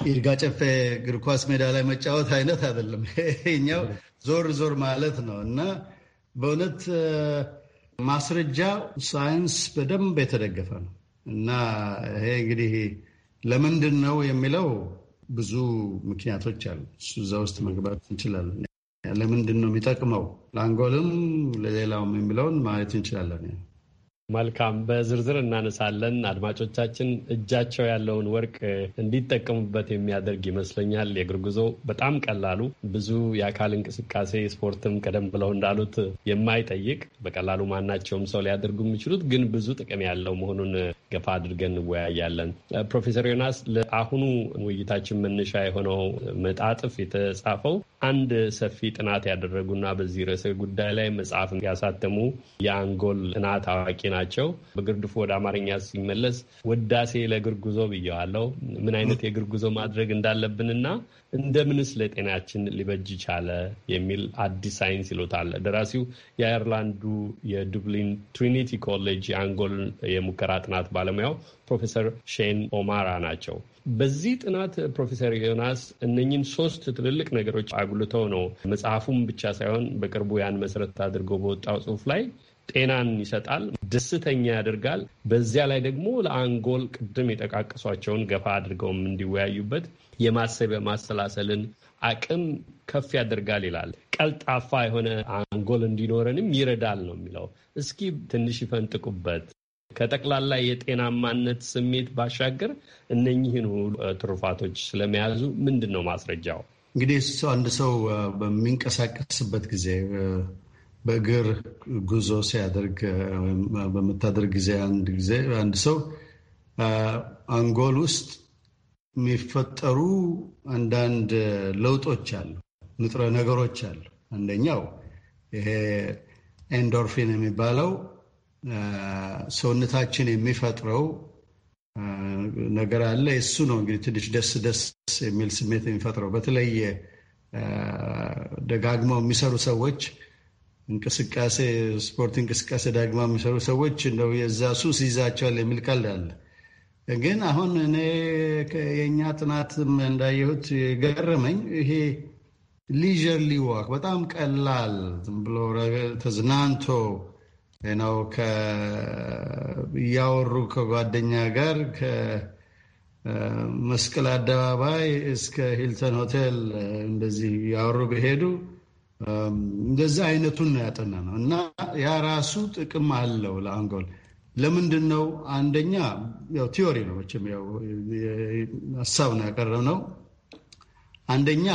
ይርጋ ጨፌ እግር ኳስ ሜዳ ላይ መጫወት አይነት አይደለም። ይኛው ዞር ዞር ማለት ነው እና በእውነት ማስረጃ ሳይንስ በደንብ የተደገፈ ነው እና ይሄ እንግዲህ ለምንድን ነው የሚለው ብዙ ምክንያቶች አሉ። እዛ ውስጥ መግባት እንችላለን። ለምንድን ነው የሚጠቅመው ለአንጎልም ለሌላውም የሚለውን ማየት እንችላለን። መልካም በዝርዝር እናነሳለን። አድማጮቻችን እጃቸው ያለውን ወርቅ እንዲጠቀሙበት የሚያደርግ ይመስለኛል። የእግር ጉዞ በጣም ቀላሉ ብዙ የአካል እንቅስቃሴ ስፖርትም ቀደም ብለው እንዳሉት የማይጠይቅ በቀላሉ ማናቸውም ሰው ሊያደርጉ የሚችሉት ግን ብዙ ጥቅም ያለው መሆኑን ገፋ አድርገን እንወያያለን። ፕሮፌሰር ዮናስ ለአሁኑ ውይይታችን መነሻ የሆነው መጣጥፍ የተጻፈው አንድ ሰፊ ጥናት ያደረጉና በዚህ ርዕሰ ጉዳይ ላይ መጽሐፍ ያሳተሙ የአንጎል ጥናት አዋቂ ናቸው። በግርድፉ ወደ አማርኛ ሲመለስ ወዳሴ ለእግር ጉዞ ብየዋለው። ምን አይነት የእግር ጉዞ ማድረግ እንዳለብንና እንደምንስ ለጤናችን ሊበጅ ቻለ የሚል አዲስ ሳይንስ ይሎታል ደራሲው። የአየርላንዱ የዱብሊን ትሪኒቲ ኮሌጅ የአንጎል የሙከራ ጥናት ባለሙያው ፕሮፌሰር ሼን ኦማራ ናቸው። በዚህ ጥናት ፕሮፌሰር ዮናስ እነኝን ሶስት ትልልቅ ነገሮች አጉልተው ነው መጽሐፉም ብቻ ሳይሆን በቅርቡ ያን መሰረት አድርገው በወጣው ጽሁፍ ላይ ጤናን ይሰጣል፣ ደስተኛ ያደርጋል። በዚያ ላይ ደግሞ ለአንጎል ቅድም የጠቃቀሷቸውን ገፋ አድርገውም እንዲወያዩበት የማሰብ ማሰላሰልን አቅም ከፍ ያደርጋል ይላል። ቀልጣፋ የሆነ አንጎል እንዲኖረንም ይረዳል ነው የሚለው። እስኪ ትንሽ ይፈንጥቁበት። ከጠቅላላ የጤናማነት ስሜት ባሻገር እነኚህን ሁሉ ትሩፋቶች ስለመያዙ ምንድን ነው ማስረጃው? እንግዲህ አንድ ሰው በሚንቀሳቀስበት ጊዜ በእግር ጉዞ ሲያደርግ በምታደርግ ጊዜ አንድ ጊዜ አንድ ሰው አንጎል ውስጥ የሚፈጠሩ አንዳንድ ለውጦች አሉ፣ ንጥረ ነገሮች አሉ። አንደኛው ይሄ ኤንዶርፊን የሚባለው ሰውነታችን የሚፈጥረው ነገር አለ። እሱ ነው እንግዲህ ትንሽ ደስ ደስ የሚል ስሜት የሚፈጥረው። በተለይ ደጋግመው የሚሰሩ ሰዎች እንቅስቃሴ ስፖርት እንቅስቃሴ ዳግማ የሚሰሩ ሰዎች እንደው የዛ ሱስ ይዛቸዋል የሚል ቃል አለ። ግን አሁን እኔ የእኛ ጥናትም እንዳየሁት ገረመኝ። ይሄ ሊዥርሊ ዋክ በጣም ቀላል ዝም ብሎ ተዝናንቶ ነው እያወሩ ከጓደኛ ጋር ከመስቀል አደባባይ እስከ ሂልተን ሆቴል እንደዚህ እያወሩ ቢሄዱ እንደዚህ አይነቱን ነው ያጠና ነው እና ያ ራሱ ጥቅም አለው ለአንጎል። ለምንድን ነው? አንደኛ ያው ቲዮሪ ነው መቼም ያው ሀሳብ ነው ያቀረብ ነው። አንደኛ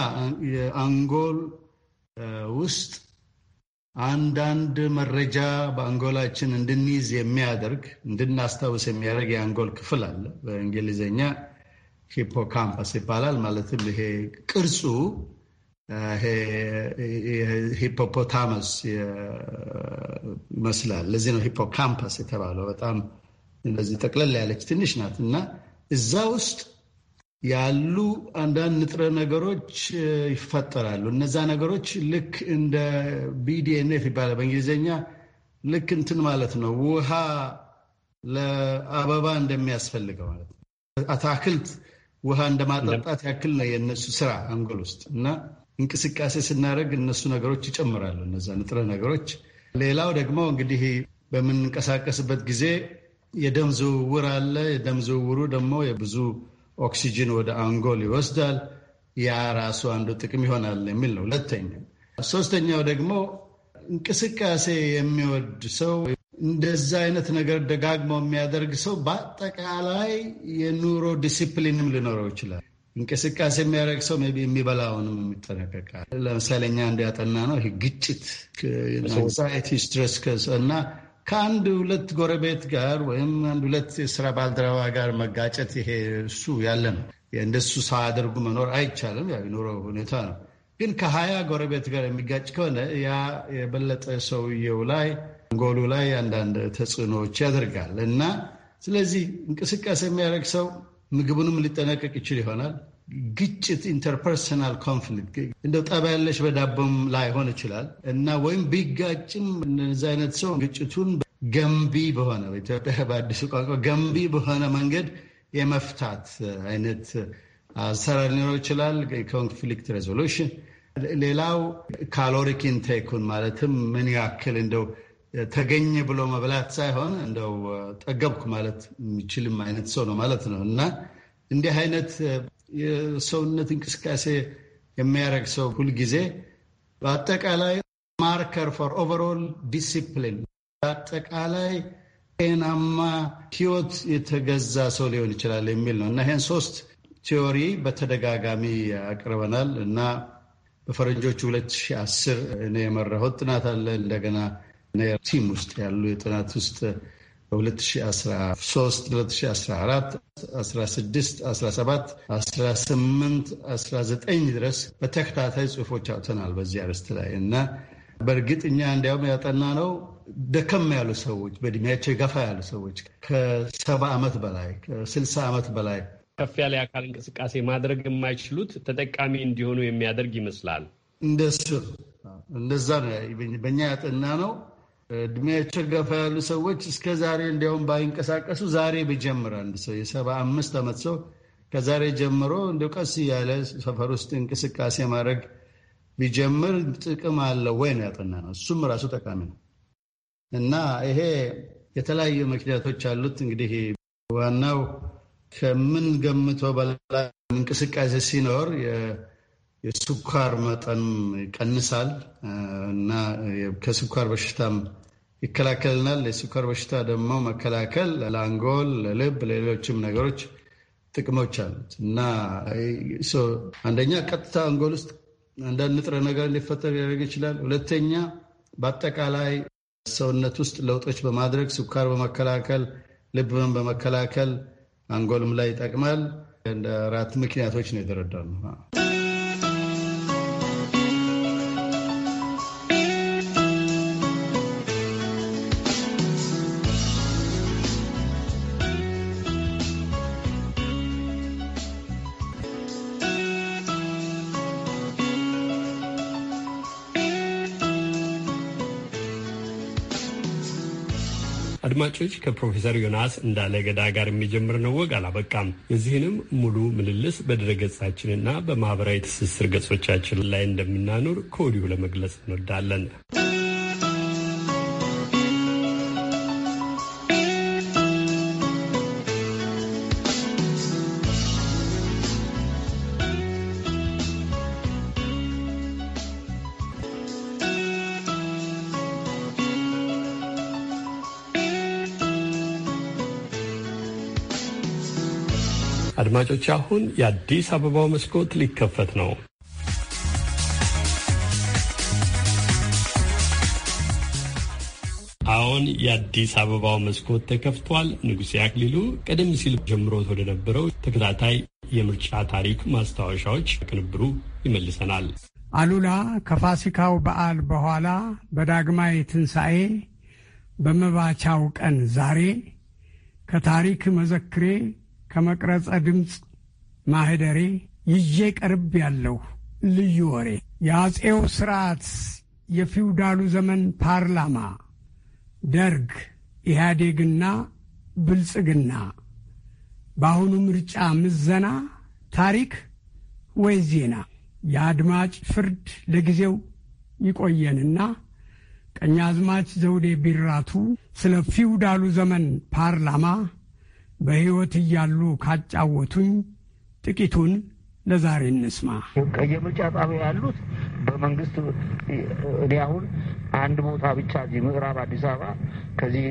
የአንጎል ውስጥ አንዳንድ መረጃ በአንጎላችን እንድንይዝ የሚያደርግ እንድናስታውስ የሚያደርግ የአንጎል ክፍል አለ። በእንግሊዝኛ ሂፖካምፓስ ይባላል። ማለትም ይሄ ቅርጹ ሂፖፖታመስ ይመስላል። ለዚህ ነው ሂፖካምፓስ የተባለው። በጣም እንደዚህ ጠቅለል ያለች ትንሽ ናት እና እዛ ውስጥ ያሉ አንዳንድ ንጥረ ነገሮች ይፈጠራሉ። እነዛ ነገሮች ልክ እንደ ቢዲኤንኤፍ ይባላል በእንግሊዝኛ። ልክ እንትን ማለት ነው ውሃ ለአበባ እንደሚያስፈልገው ማለት ነው። አታክልት ውሃ እንደማጠጣት ያክል ነው የእነሱ ስራ አንጎል ውስጥ እና እንቅስቃሴ ስናደርግ እነሱ ነገሮች ይጨምራሉ፣ እነዛ ንጥረ ነገሮች። ሌላው ደግሞ እንግዲህ በምንንቀሳቀስበት ጊዜ የደም ዝውውር አለ። የደም ዝውውሩ ደግሞ የብዙ ኦክሲጅን ወደ አንጎል ይወስዳል። ያ ራሱ አንዱ ጥቅም ይሆናል የሚል ነው። ሁለተኛ ሶስተኛው ደግሞ እንቅስቃሴ የሚወድ ሰው እንደዛ አይነት ነገር ደጋግሞ የሚያደርግ ሰው በአጠቃላይ የኑሮ ዲሲፕሊንም ሊኖረው ይችላል። እንቅስቃሴ የሚያደርግ ሰው ቢ የሚበላውንም የሚጠነቀቃል። ለምሳሌ እኛ እንዲያጠና ነው ይህ ግጭት አንዛይቲ ስትረስ እና ከአንድ ሁለት ጎረቤት ጋር ወይም አንድ ሁለት የስራ ባልደረባ ጋር መጋጨት ይሄ እሱ ያለ ነው። እንደሱ ሳያደርጉ መኖር አይቻልም። ያው የኖረው ሁኔታ ነው። ግን ከሀያ ጎረቤት ጋር የሚጋጭ ከሆነ ያ የበለጠ ሰውየው ላይ አንጎሉ ላይ አንዳንድ ተጽዕኖዎች ያደርጋል እና ስለዚህ እንቅስቃሴ የሚያደርግ ሰው ምግቡንም ሊጠናቀቅ ይችል ይሆናል። ግጭት ኢንተርፐርሰናል ኮንፍሊክት እንደው ጠባ ያለሽ በዳቦም ላይሆን ይችላል እና ወይም ቢጋጭም እንደዚህ አይነት ሰው ግጭቱን ገንቢ በሆነ በኢትዮጵያ በአዲሱ ቋንቋ ገንቢ በሆነ መንገድ የመፍታት አይነት አሰራር ሊኖረው ይችላል። ኮንፍሊክት ሬዞሉሽን ሌላው ካሎሪክ ኢንቴኩን ማለትም ምን ያክል እንደው ተገኘ ብሎ መብላት ሳይሆን እንደው ጠገብኩ ማለት የሚችልም አይነት ሰው ነው ማለት ነው እና እንዲህ አይነት የሰውነት እንቅስቃሴ የሚያደርግ ሰው ሁልጊዜ በአጠቃላይ ማርከር ፎር ኦቨርኦል ዲሲፕሊን በአጠቃላይ ጤናማ ህይወት የተገዛ ሰው ሊሆን ይችላል የሚል ነው እና ይህን ሶስት ቲዎሪ በተደጋጋሚ ያቅርበናል እና በፈረንጆቹ 2010 እኔ የመራሁት ጥናት አለ እንደገና ቲም ውስጥ ያሉ የጥናት ውስጥ በ2013 2014 16 17 18 19 ድረስ በተከታታይ ጽሁፎች አውጥተናል በዚህ አርዕስት ላይ እና በእርግጥ እኛ እንዲያውም ያጠና ነው ደከም ያሉ ሰዎች በእድሜያቸው የገፋ ያሉ ሰዎች ከሰባ ዓመት በላይ ከስልሳ ዓመት በላይ ከፍ ያለ የአካል እንቅስቃሴ ማድረግ የማይችሉት ተጠቃሚ እንዲሆኑ የሚያደርግ ይመስላል። እንደሱ እንደዛ ነው በእኛ ያጠና ነው እድሜያቸው ገፋ ያሉ ሰዎች እስከ ዛሬ እንዲያውም ባይንቀሳቀሱ ዛሬ ብጀምር አንድ ሰው የሰባ አምስት ዓመት ሰው ከዛሬ ጀምሮ እንደ ቀስ እያለ ሰፈር ውስጥ እንቅስቃሴ ማድረግ ቢጀምር ጥቅም አለው ወይ ነው ያጠና ነው። እሱም ራሱ ጠቃሚ ነው እና ይሄ የተለያዩ ምክንያቶች አሉት። እንግዲህ ዋናው ከምንገምተው በላይ እንቅስቃሴ ሲኖር የስኳር መጠን ይቀንሳል እና ከስኳር በሽታም ይከላከልናል። የስኳር በሽታ ደግሞ መከላከል ለአንጎል፣ ለልብ፣ ለሌሎችም ነገሮች ጥቅሞች አሉት እና አንደኛ ቀጥታ አንጎል ውስጥ አንዳንድ ንጥረ ነገር እንዲፈጠር ሊያደርግ ይችላል። ሁለተኛ በአጠቃላይ ሰውነት ውስጥ ለውጦች በማድረግ ስኳር በመከላከል ልብን በመከላከል አንጎልም ላይ ይጠቅማል። እንደ አራት ምክንያቶች ነው የተረዳነው። አድማጮች ከፕሮፌሰር ዮናስ እንዳለ ገዳ ጋር ነው ወግ አላበቃም። የዚህንም ሙሉ ምልልስ በድረገጻችንና በማህበራዊ ትስስር ገጾቻችን ላይ እንደምናኖር ከወዲሁ ለመግለጽ እንወዳለን። አድማጮች አሁን የአዲስ አበባው መስኮት ሊከፈት ነው። አሁን የአዲስ አበባው መስኮት ተከፍቷል። ንጉሴ አክሊሉ ቀደም ሲል ጀምሮት ወደ ነበረው ተከታታይ የምርጫ ታሪክ ማስታወሻዎች ቅንብሩ ይመልሰናል። አሉላ ከፋሲካው በዓል በኋላ በዳግማዊ ትንሣኤ በመባቻው ቀን ዛሬ ከታሪክ መዘክሬ ከመቅረጸ ድምፅ ማህደሬ ይዤ ቀርብ ያለሁ ልዩ ወሬ የአጼው ሥርዓት የፊውዳሉ ዘመን ፓርላማ ደርግ ኢህአዴግና ብልጽግና በአሁኑ ምርጫ ምዘና ታሪክ ወይ ዜና የአድማጭ ፍርድ ለጊዜው ይቆየንና ቀኛዝማች ዘውዴ ቢራቱ ስለ ፊውዳሉ ዘመን ፓርላማ በሕይወት እያሉ ካጫወቱኝ ጥቂቱን ለዛሬ እንስማ። የምርጫ ጣቢያ ያሉት በመንግስት እኔ አሁን አንድ ቦታ ብቻ እዚህ ምዕራብ አዲስ አበባ ከዚህ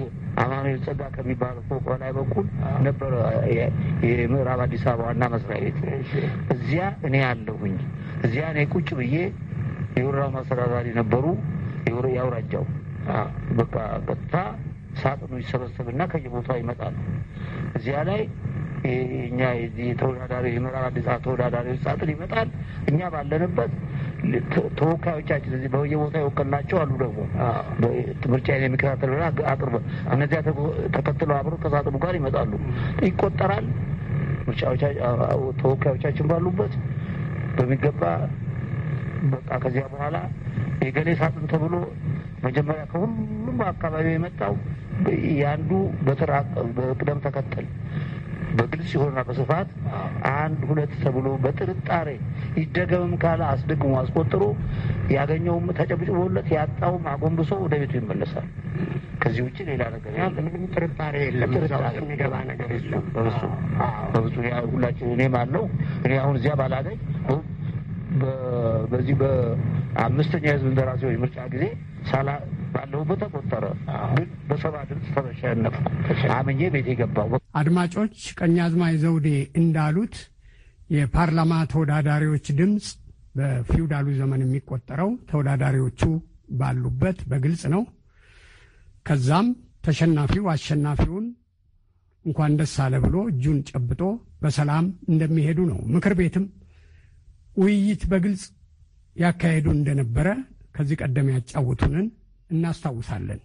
አማኑኤል ጸጋ ከሚባል ፎቅ ላይ በኩል ነበረ የምዕራብ አዲስ አበባ ዋና መስሪያ ቤት። እዚያ እኔ አለሁኝ። እዚያ እኔ ቁጭ ብዬ የወረዳው ማስተዳዳሪ ነበሩ። የአውራጃው በቃ ቀጥታ ሳጥኑ ይሰበሰብና ከየቦታው ይመጣል። እዚያ ላይ እኛ የተወዳዳሪ የመራር አዲስ አበባ ተወዳዳሪዎች ሳጥን ይመጣል። እኛ ባለንበት ተወካዮቻችን እዚህ በየቦታ የወከልናቸው አሉ። ደግሞ ምርጫ የሚከታተል አቅርበ እነዚያ ተከትለው አብሮ ከሳጥኑ ጋር ይመጣሉ። ይቆጠራል። ተወካዮቻችን ባሉበት በሚገባ በቃ ከዚያ በኋላ የገሌ ሳጥን ተብሎ መጀመሪያ ከሁሉም አካባቢ የመጣው ያንዱ በቅደም ተከተል በግልጽ የሆነና በስፋት አንድ ሁለት ተብሎ በጥርጣሬ ይደገምም ካለ አስደግሞ አስቆጥሮ ያገኘውም ተጨብጭቦለት ያጣውም አጎንብሶ ወደ ቤቱ ይመለሳል። ከዚህ ውጭ ሌላ ነገር ምንም ጥርጣሬ የለም። የሚገባ ነገር የለም። በብሱ ሁላችን እኔም አለው እኔ አሁን እዚያ ባላገኝ በዚህ በአምስተኛ የህዝብ እንደራሴዎች ምርጫ ጊዜ ሳላ እንዳለሁበት ተቆጠረ። ግን በሰባ ድምፅ ተሸነፍኩ። አምኜ ቤት የገባው አድማጮች ቀኛዝማች ዘውዴ እንዳሉት የፓርላማ ተወዳዳሪዎች ድምፅ በፊውዳሉ ዘመን የሚቆጠረው ተወዳዳሪዎቹ ባሉበት በግልጽ ነው። ከዛም ተሸናፊው አሸናፊውን እንኳን ደስ አለ ብሎ እጁን ጨብጦ በሰላም እንደሚሄዱ ነው። ምክር ቤትም ውይይት በግልጽ ያካሄዱ እንደነበረ ከዚህ ቀደም ያጫወቱንን እናስታውሳለን።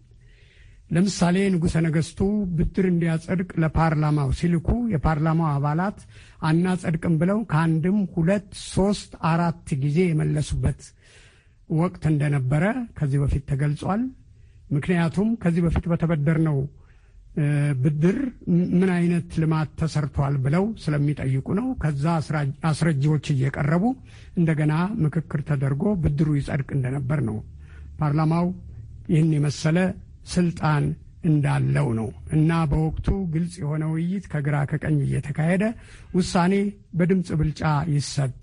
ለምሳሌ ንጉሠ ነገሥቱ ብድር እንዲያጸድቅ ለፓርላማው ሲልኩ የፓርላማው አባላት አናጸድቅም ብለው ከአንድም ሁለት ሶስት አራት ጊዜ የመለሱበት ወቅት እንደነበረ ከዚህ በፊት ተገልጿል። ምክንያቱም ከዚህ በፊት በተበደርነው ብድር ምን አይነት ልማት ተሰርቷል ብለው ስለሚጠይቁ ነው። ከዛ አስረጂዎች እየቀረቡ እንደገና ምክክር ተደርጎ ብድሩ ይጸድቅ እንደነበር ነው ፓርላማው ይህን የመሰለ ስልጣን እንዳለው ነው እና በወቅቱ ግልጽ የሆነ ውይይት ከግራ ከቀኝ እየተካሄደ ውሳኔ በድምፅ ብልጫ ይሰጥ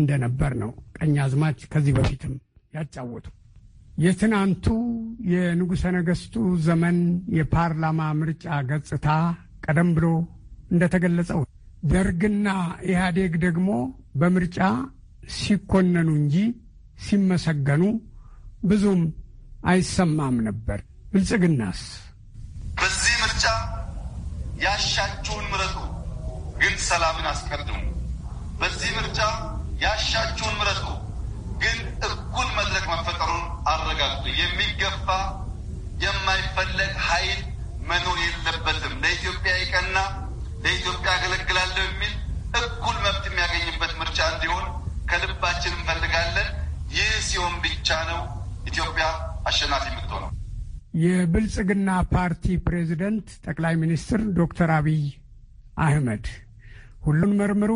እንደነበር ነው ቀኝ አዝማች ከዚህ በፊትም ያጫወቱ። የትናንቱ የንጉሠ ነገሥቱ ዘመን የፓርላማ ምርጫ ገጽታ ቀደም ብሎ እንደተገለጸው ደርግና ኢህአዴግ ደግሞ በምርጫ ሲኮነኑ እንጂ ሲመሰገኑ ብዙም አይሰማም ነበር። ብልጽግናስ በዚህ ምርጫ ያሻችሁን ምረጡ፣ ግን ሰላምን አስቀድሙ። በዚህ ምርጫ ያሻችሁን ምረጡ፣ ግን እኩል መድረክ መፈጠሩን አረጋግጡ። የሚገባ የማይፈለግ ኃይል መኖር የለበትም። ለኢትዮጵያ ይቀና፣ ለኢትዮጵያ ያገለግላለሁ የሚል እኩል መብት የሚያገኝበት ምርጫ እንዲሆን ከልባችን እንፈልጋለን። ይህ ሲሆን ብቻ ነው ኢትዮጵያ አሸናፊ የምትሆነው። የብልጽግና ፓርቲ ፕሬዚደንት ጠቅላይ ሚኒስትር ዶክተር አብይ አህመድ ሁሉን መርምሩ፣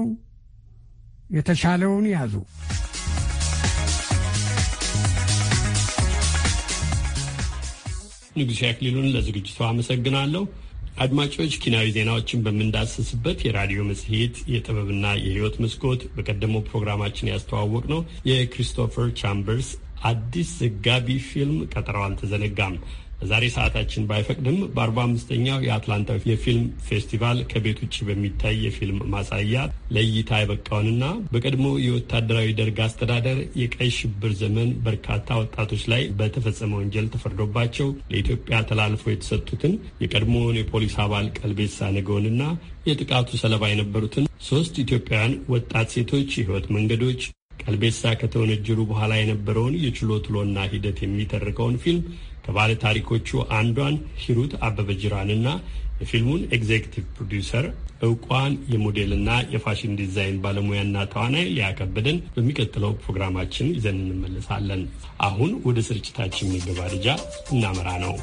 የተሻለውን ያዙ። ንጉሴ አክሊሉን ለዝግጅቱ አመሰግናለሁ። አድማጮች፣ ኪናዊ ዜናዎችን በምንዳስስበት የራዲዮ መጽሔት የጥበብና የሕይወት መስኮት በቀደመው ፕሮግራማችን ያስተዋወቅ ነው የክሪስቶፈር ቻምበርስ አዲስ ዘጋቢ ፊልም ቀጠረው አልተዘነጋም። በዛሬ ሰዓታችን ባይፈቅድም በ 45 የአትላንታ የፊልም ፌስቲቫል ከቤት ውጭ በሚታይ የፊልም ማሳያ ለእይታ የበቃውንና በቀድሞ የወታደራዊ ደርግ አስተዳደር የቀይ ሽብር ዘመን በርካታ ወጣቶች ላይ በተፈጸመ ወንጀል ተፈርዶባቸው ለኢትዮጵያ ተላልፎ የተሰጡትን የቀድሞውን የፖሊስ አባል ቀልቤሳ ነገውንና የጥቃቱ ሰለባ የነበሩትን ሶስት ኢትዮጵያውያን ወጣት ሴቶች የህይወት መንገዶች ቀልቤሳ ከተወነጀሉ በኋላ የነበረውን የችሎት ውሎና ሂደት የሚተርከውን ፊልም ከባለ ታሪኮቹ አንዷን ሂሩት አበበ ጅራንና የፊልሙን ኤግዜክቲቭ ፕሮዲውሰር እውቋን የሞዴልና የፋሽን ዲዛይን ባለሙያና ተዋናይ ሊያከበደን በሚቀጥለው ፕሮግራማችን ይዘን እንመለሳለን። አሁን ወደ ስርጭታችን መገባደጃ እናመራ ነው።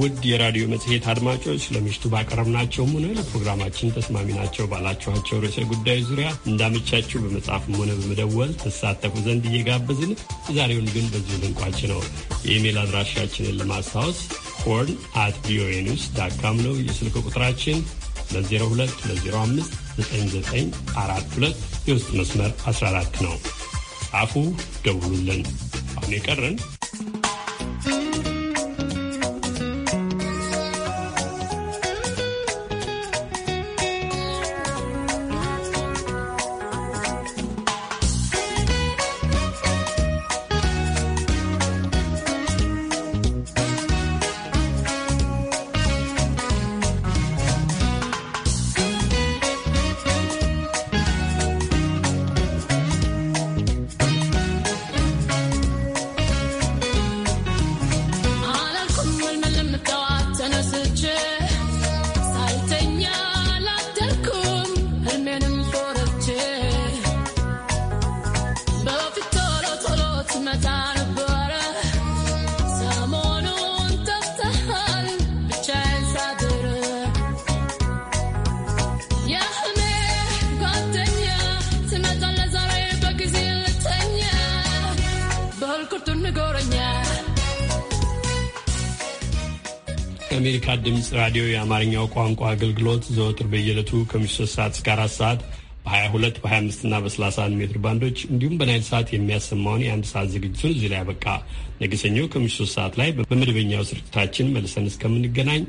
ውድ የራዲዮ መጽሔት አድማጮች ለምሽቱ ባቀረብናቸውም ሆነ ለፕሮግራማችን ተስማሚ ናቸው ባላችኋቸው ርዕሰ ጉዳዮች ዙሪያ እንዳመቻችሁ በመጻፍም ሆነ በመደወል ትሳተፉ ዘንድ እየጋበዝን የዛሬውን ግን በዚሁ ልንቋጭ ነው። የኢሜል አድራሻችንን ለማስታወስ ሆርን አት ቪኦኤ ኒውስ ዳት ካም ነው የስልክ ቁጥራችን። ለ 9942 የውስጥ መስመር 14 ነው። ጻፉ፣ ደውሉልን። አሁን የቀረን ራዲዮ የአማርኛው ቋንቋ አገልግሎት ዘወትር በየዕለቱ ከምሽቱ 3 ሰዓት እስከ 4 ሰዓት በ22 በ25 እና በ31 ሜትር ባንዶች እንዲሁም በናይል ሰዓት የሚያሰማውን የአንድ ሰዓት ዝግጅቱን እዚህ ላይ ያበቃ። ነገ ሰኞ ከምሽቱ 3 ሰዓት ላይ በመደበኛው ስርጭታችን መልሰን እስከምንገናኝ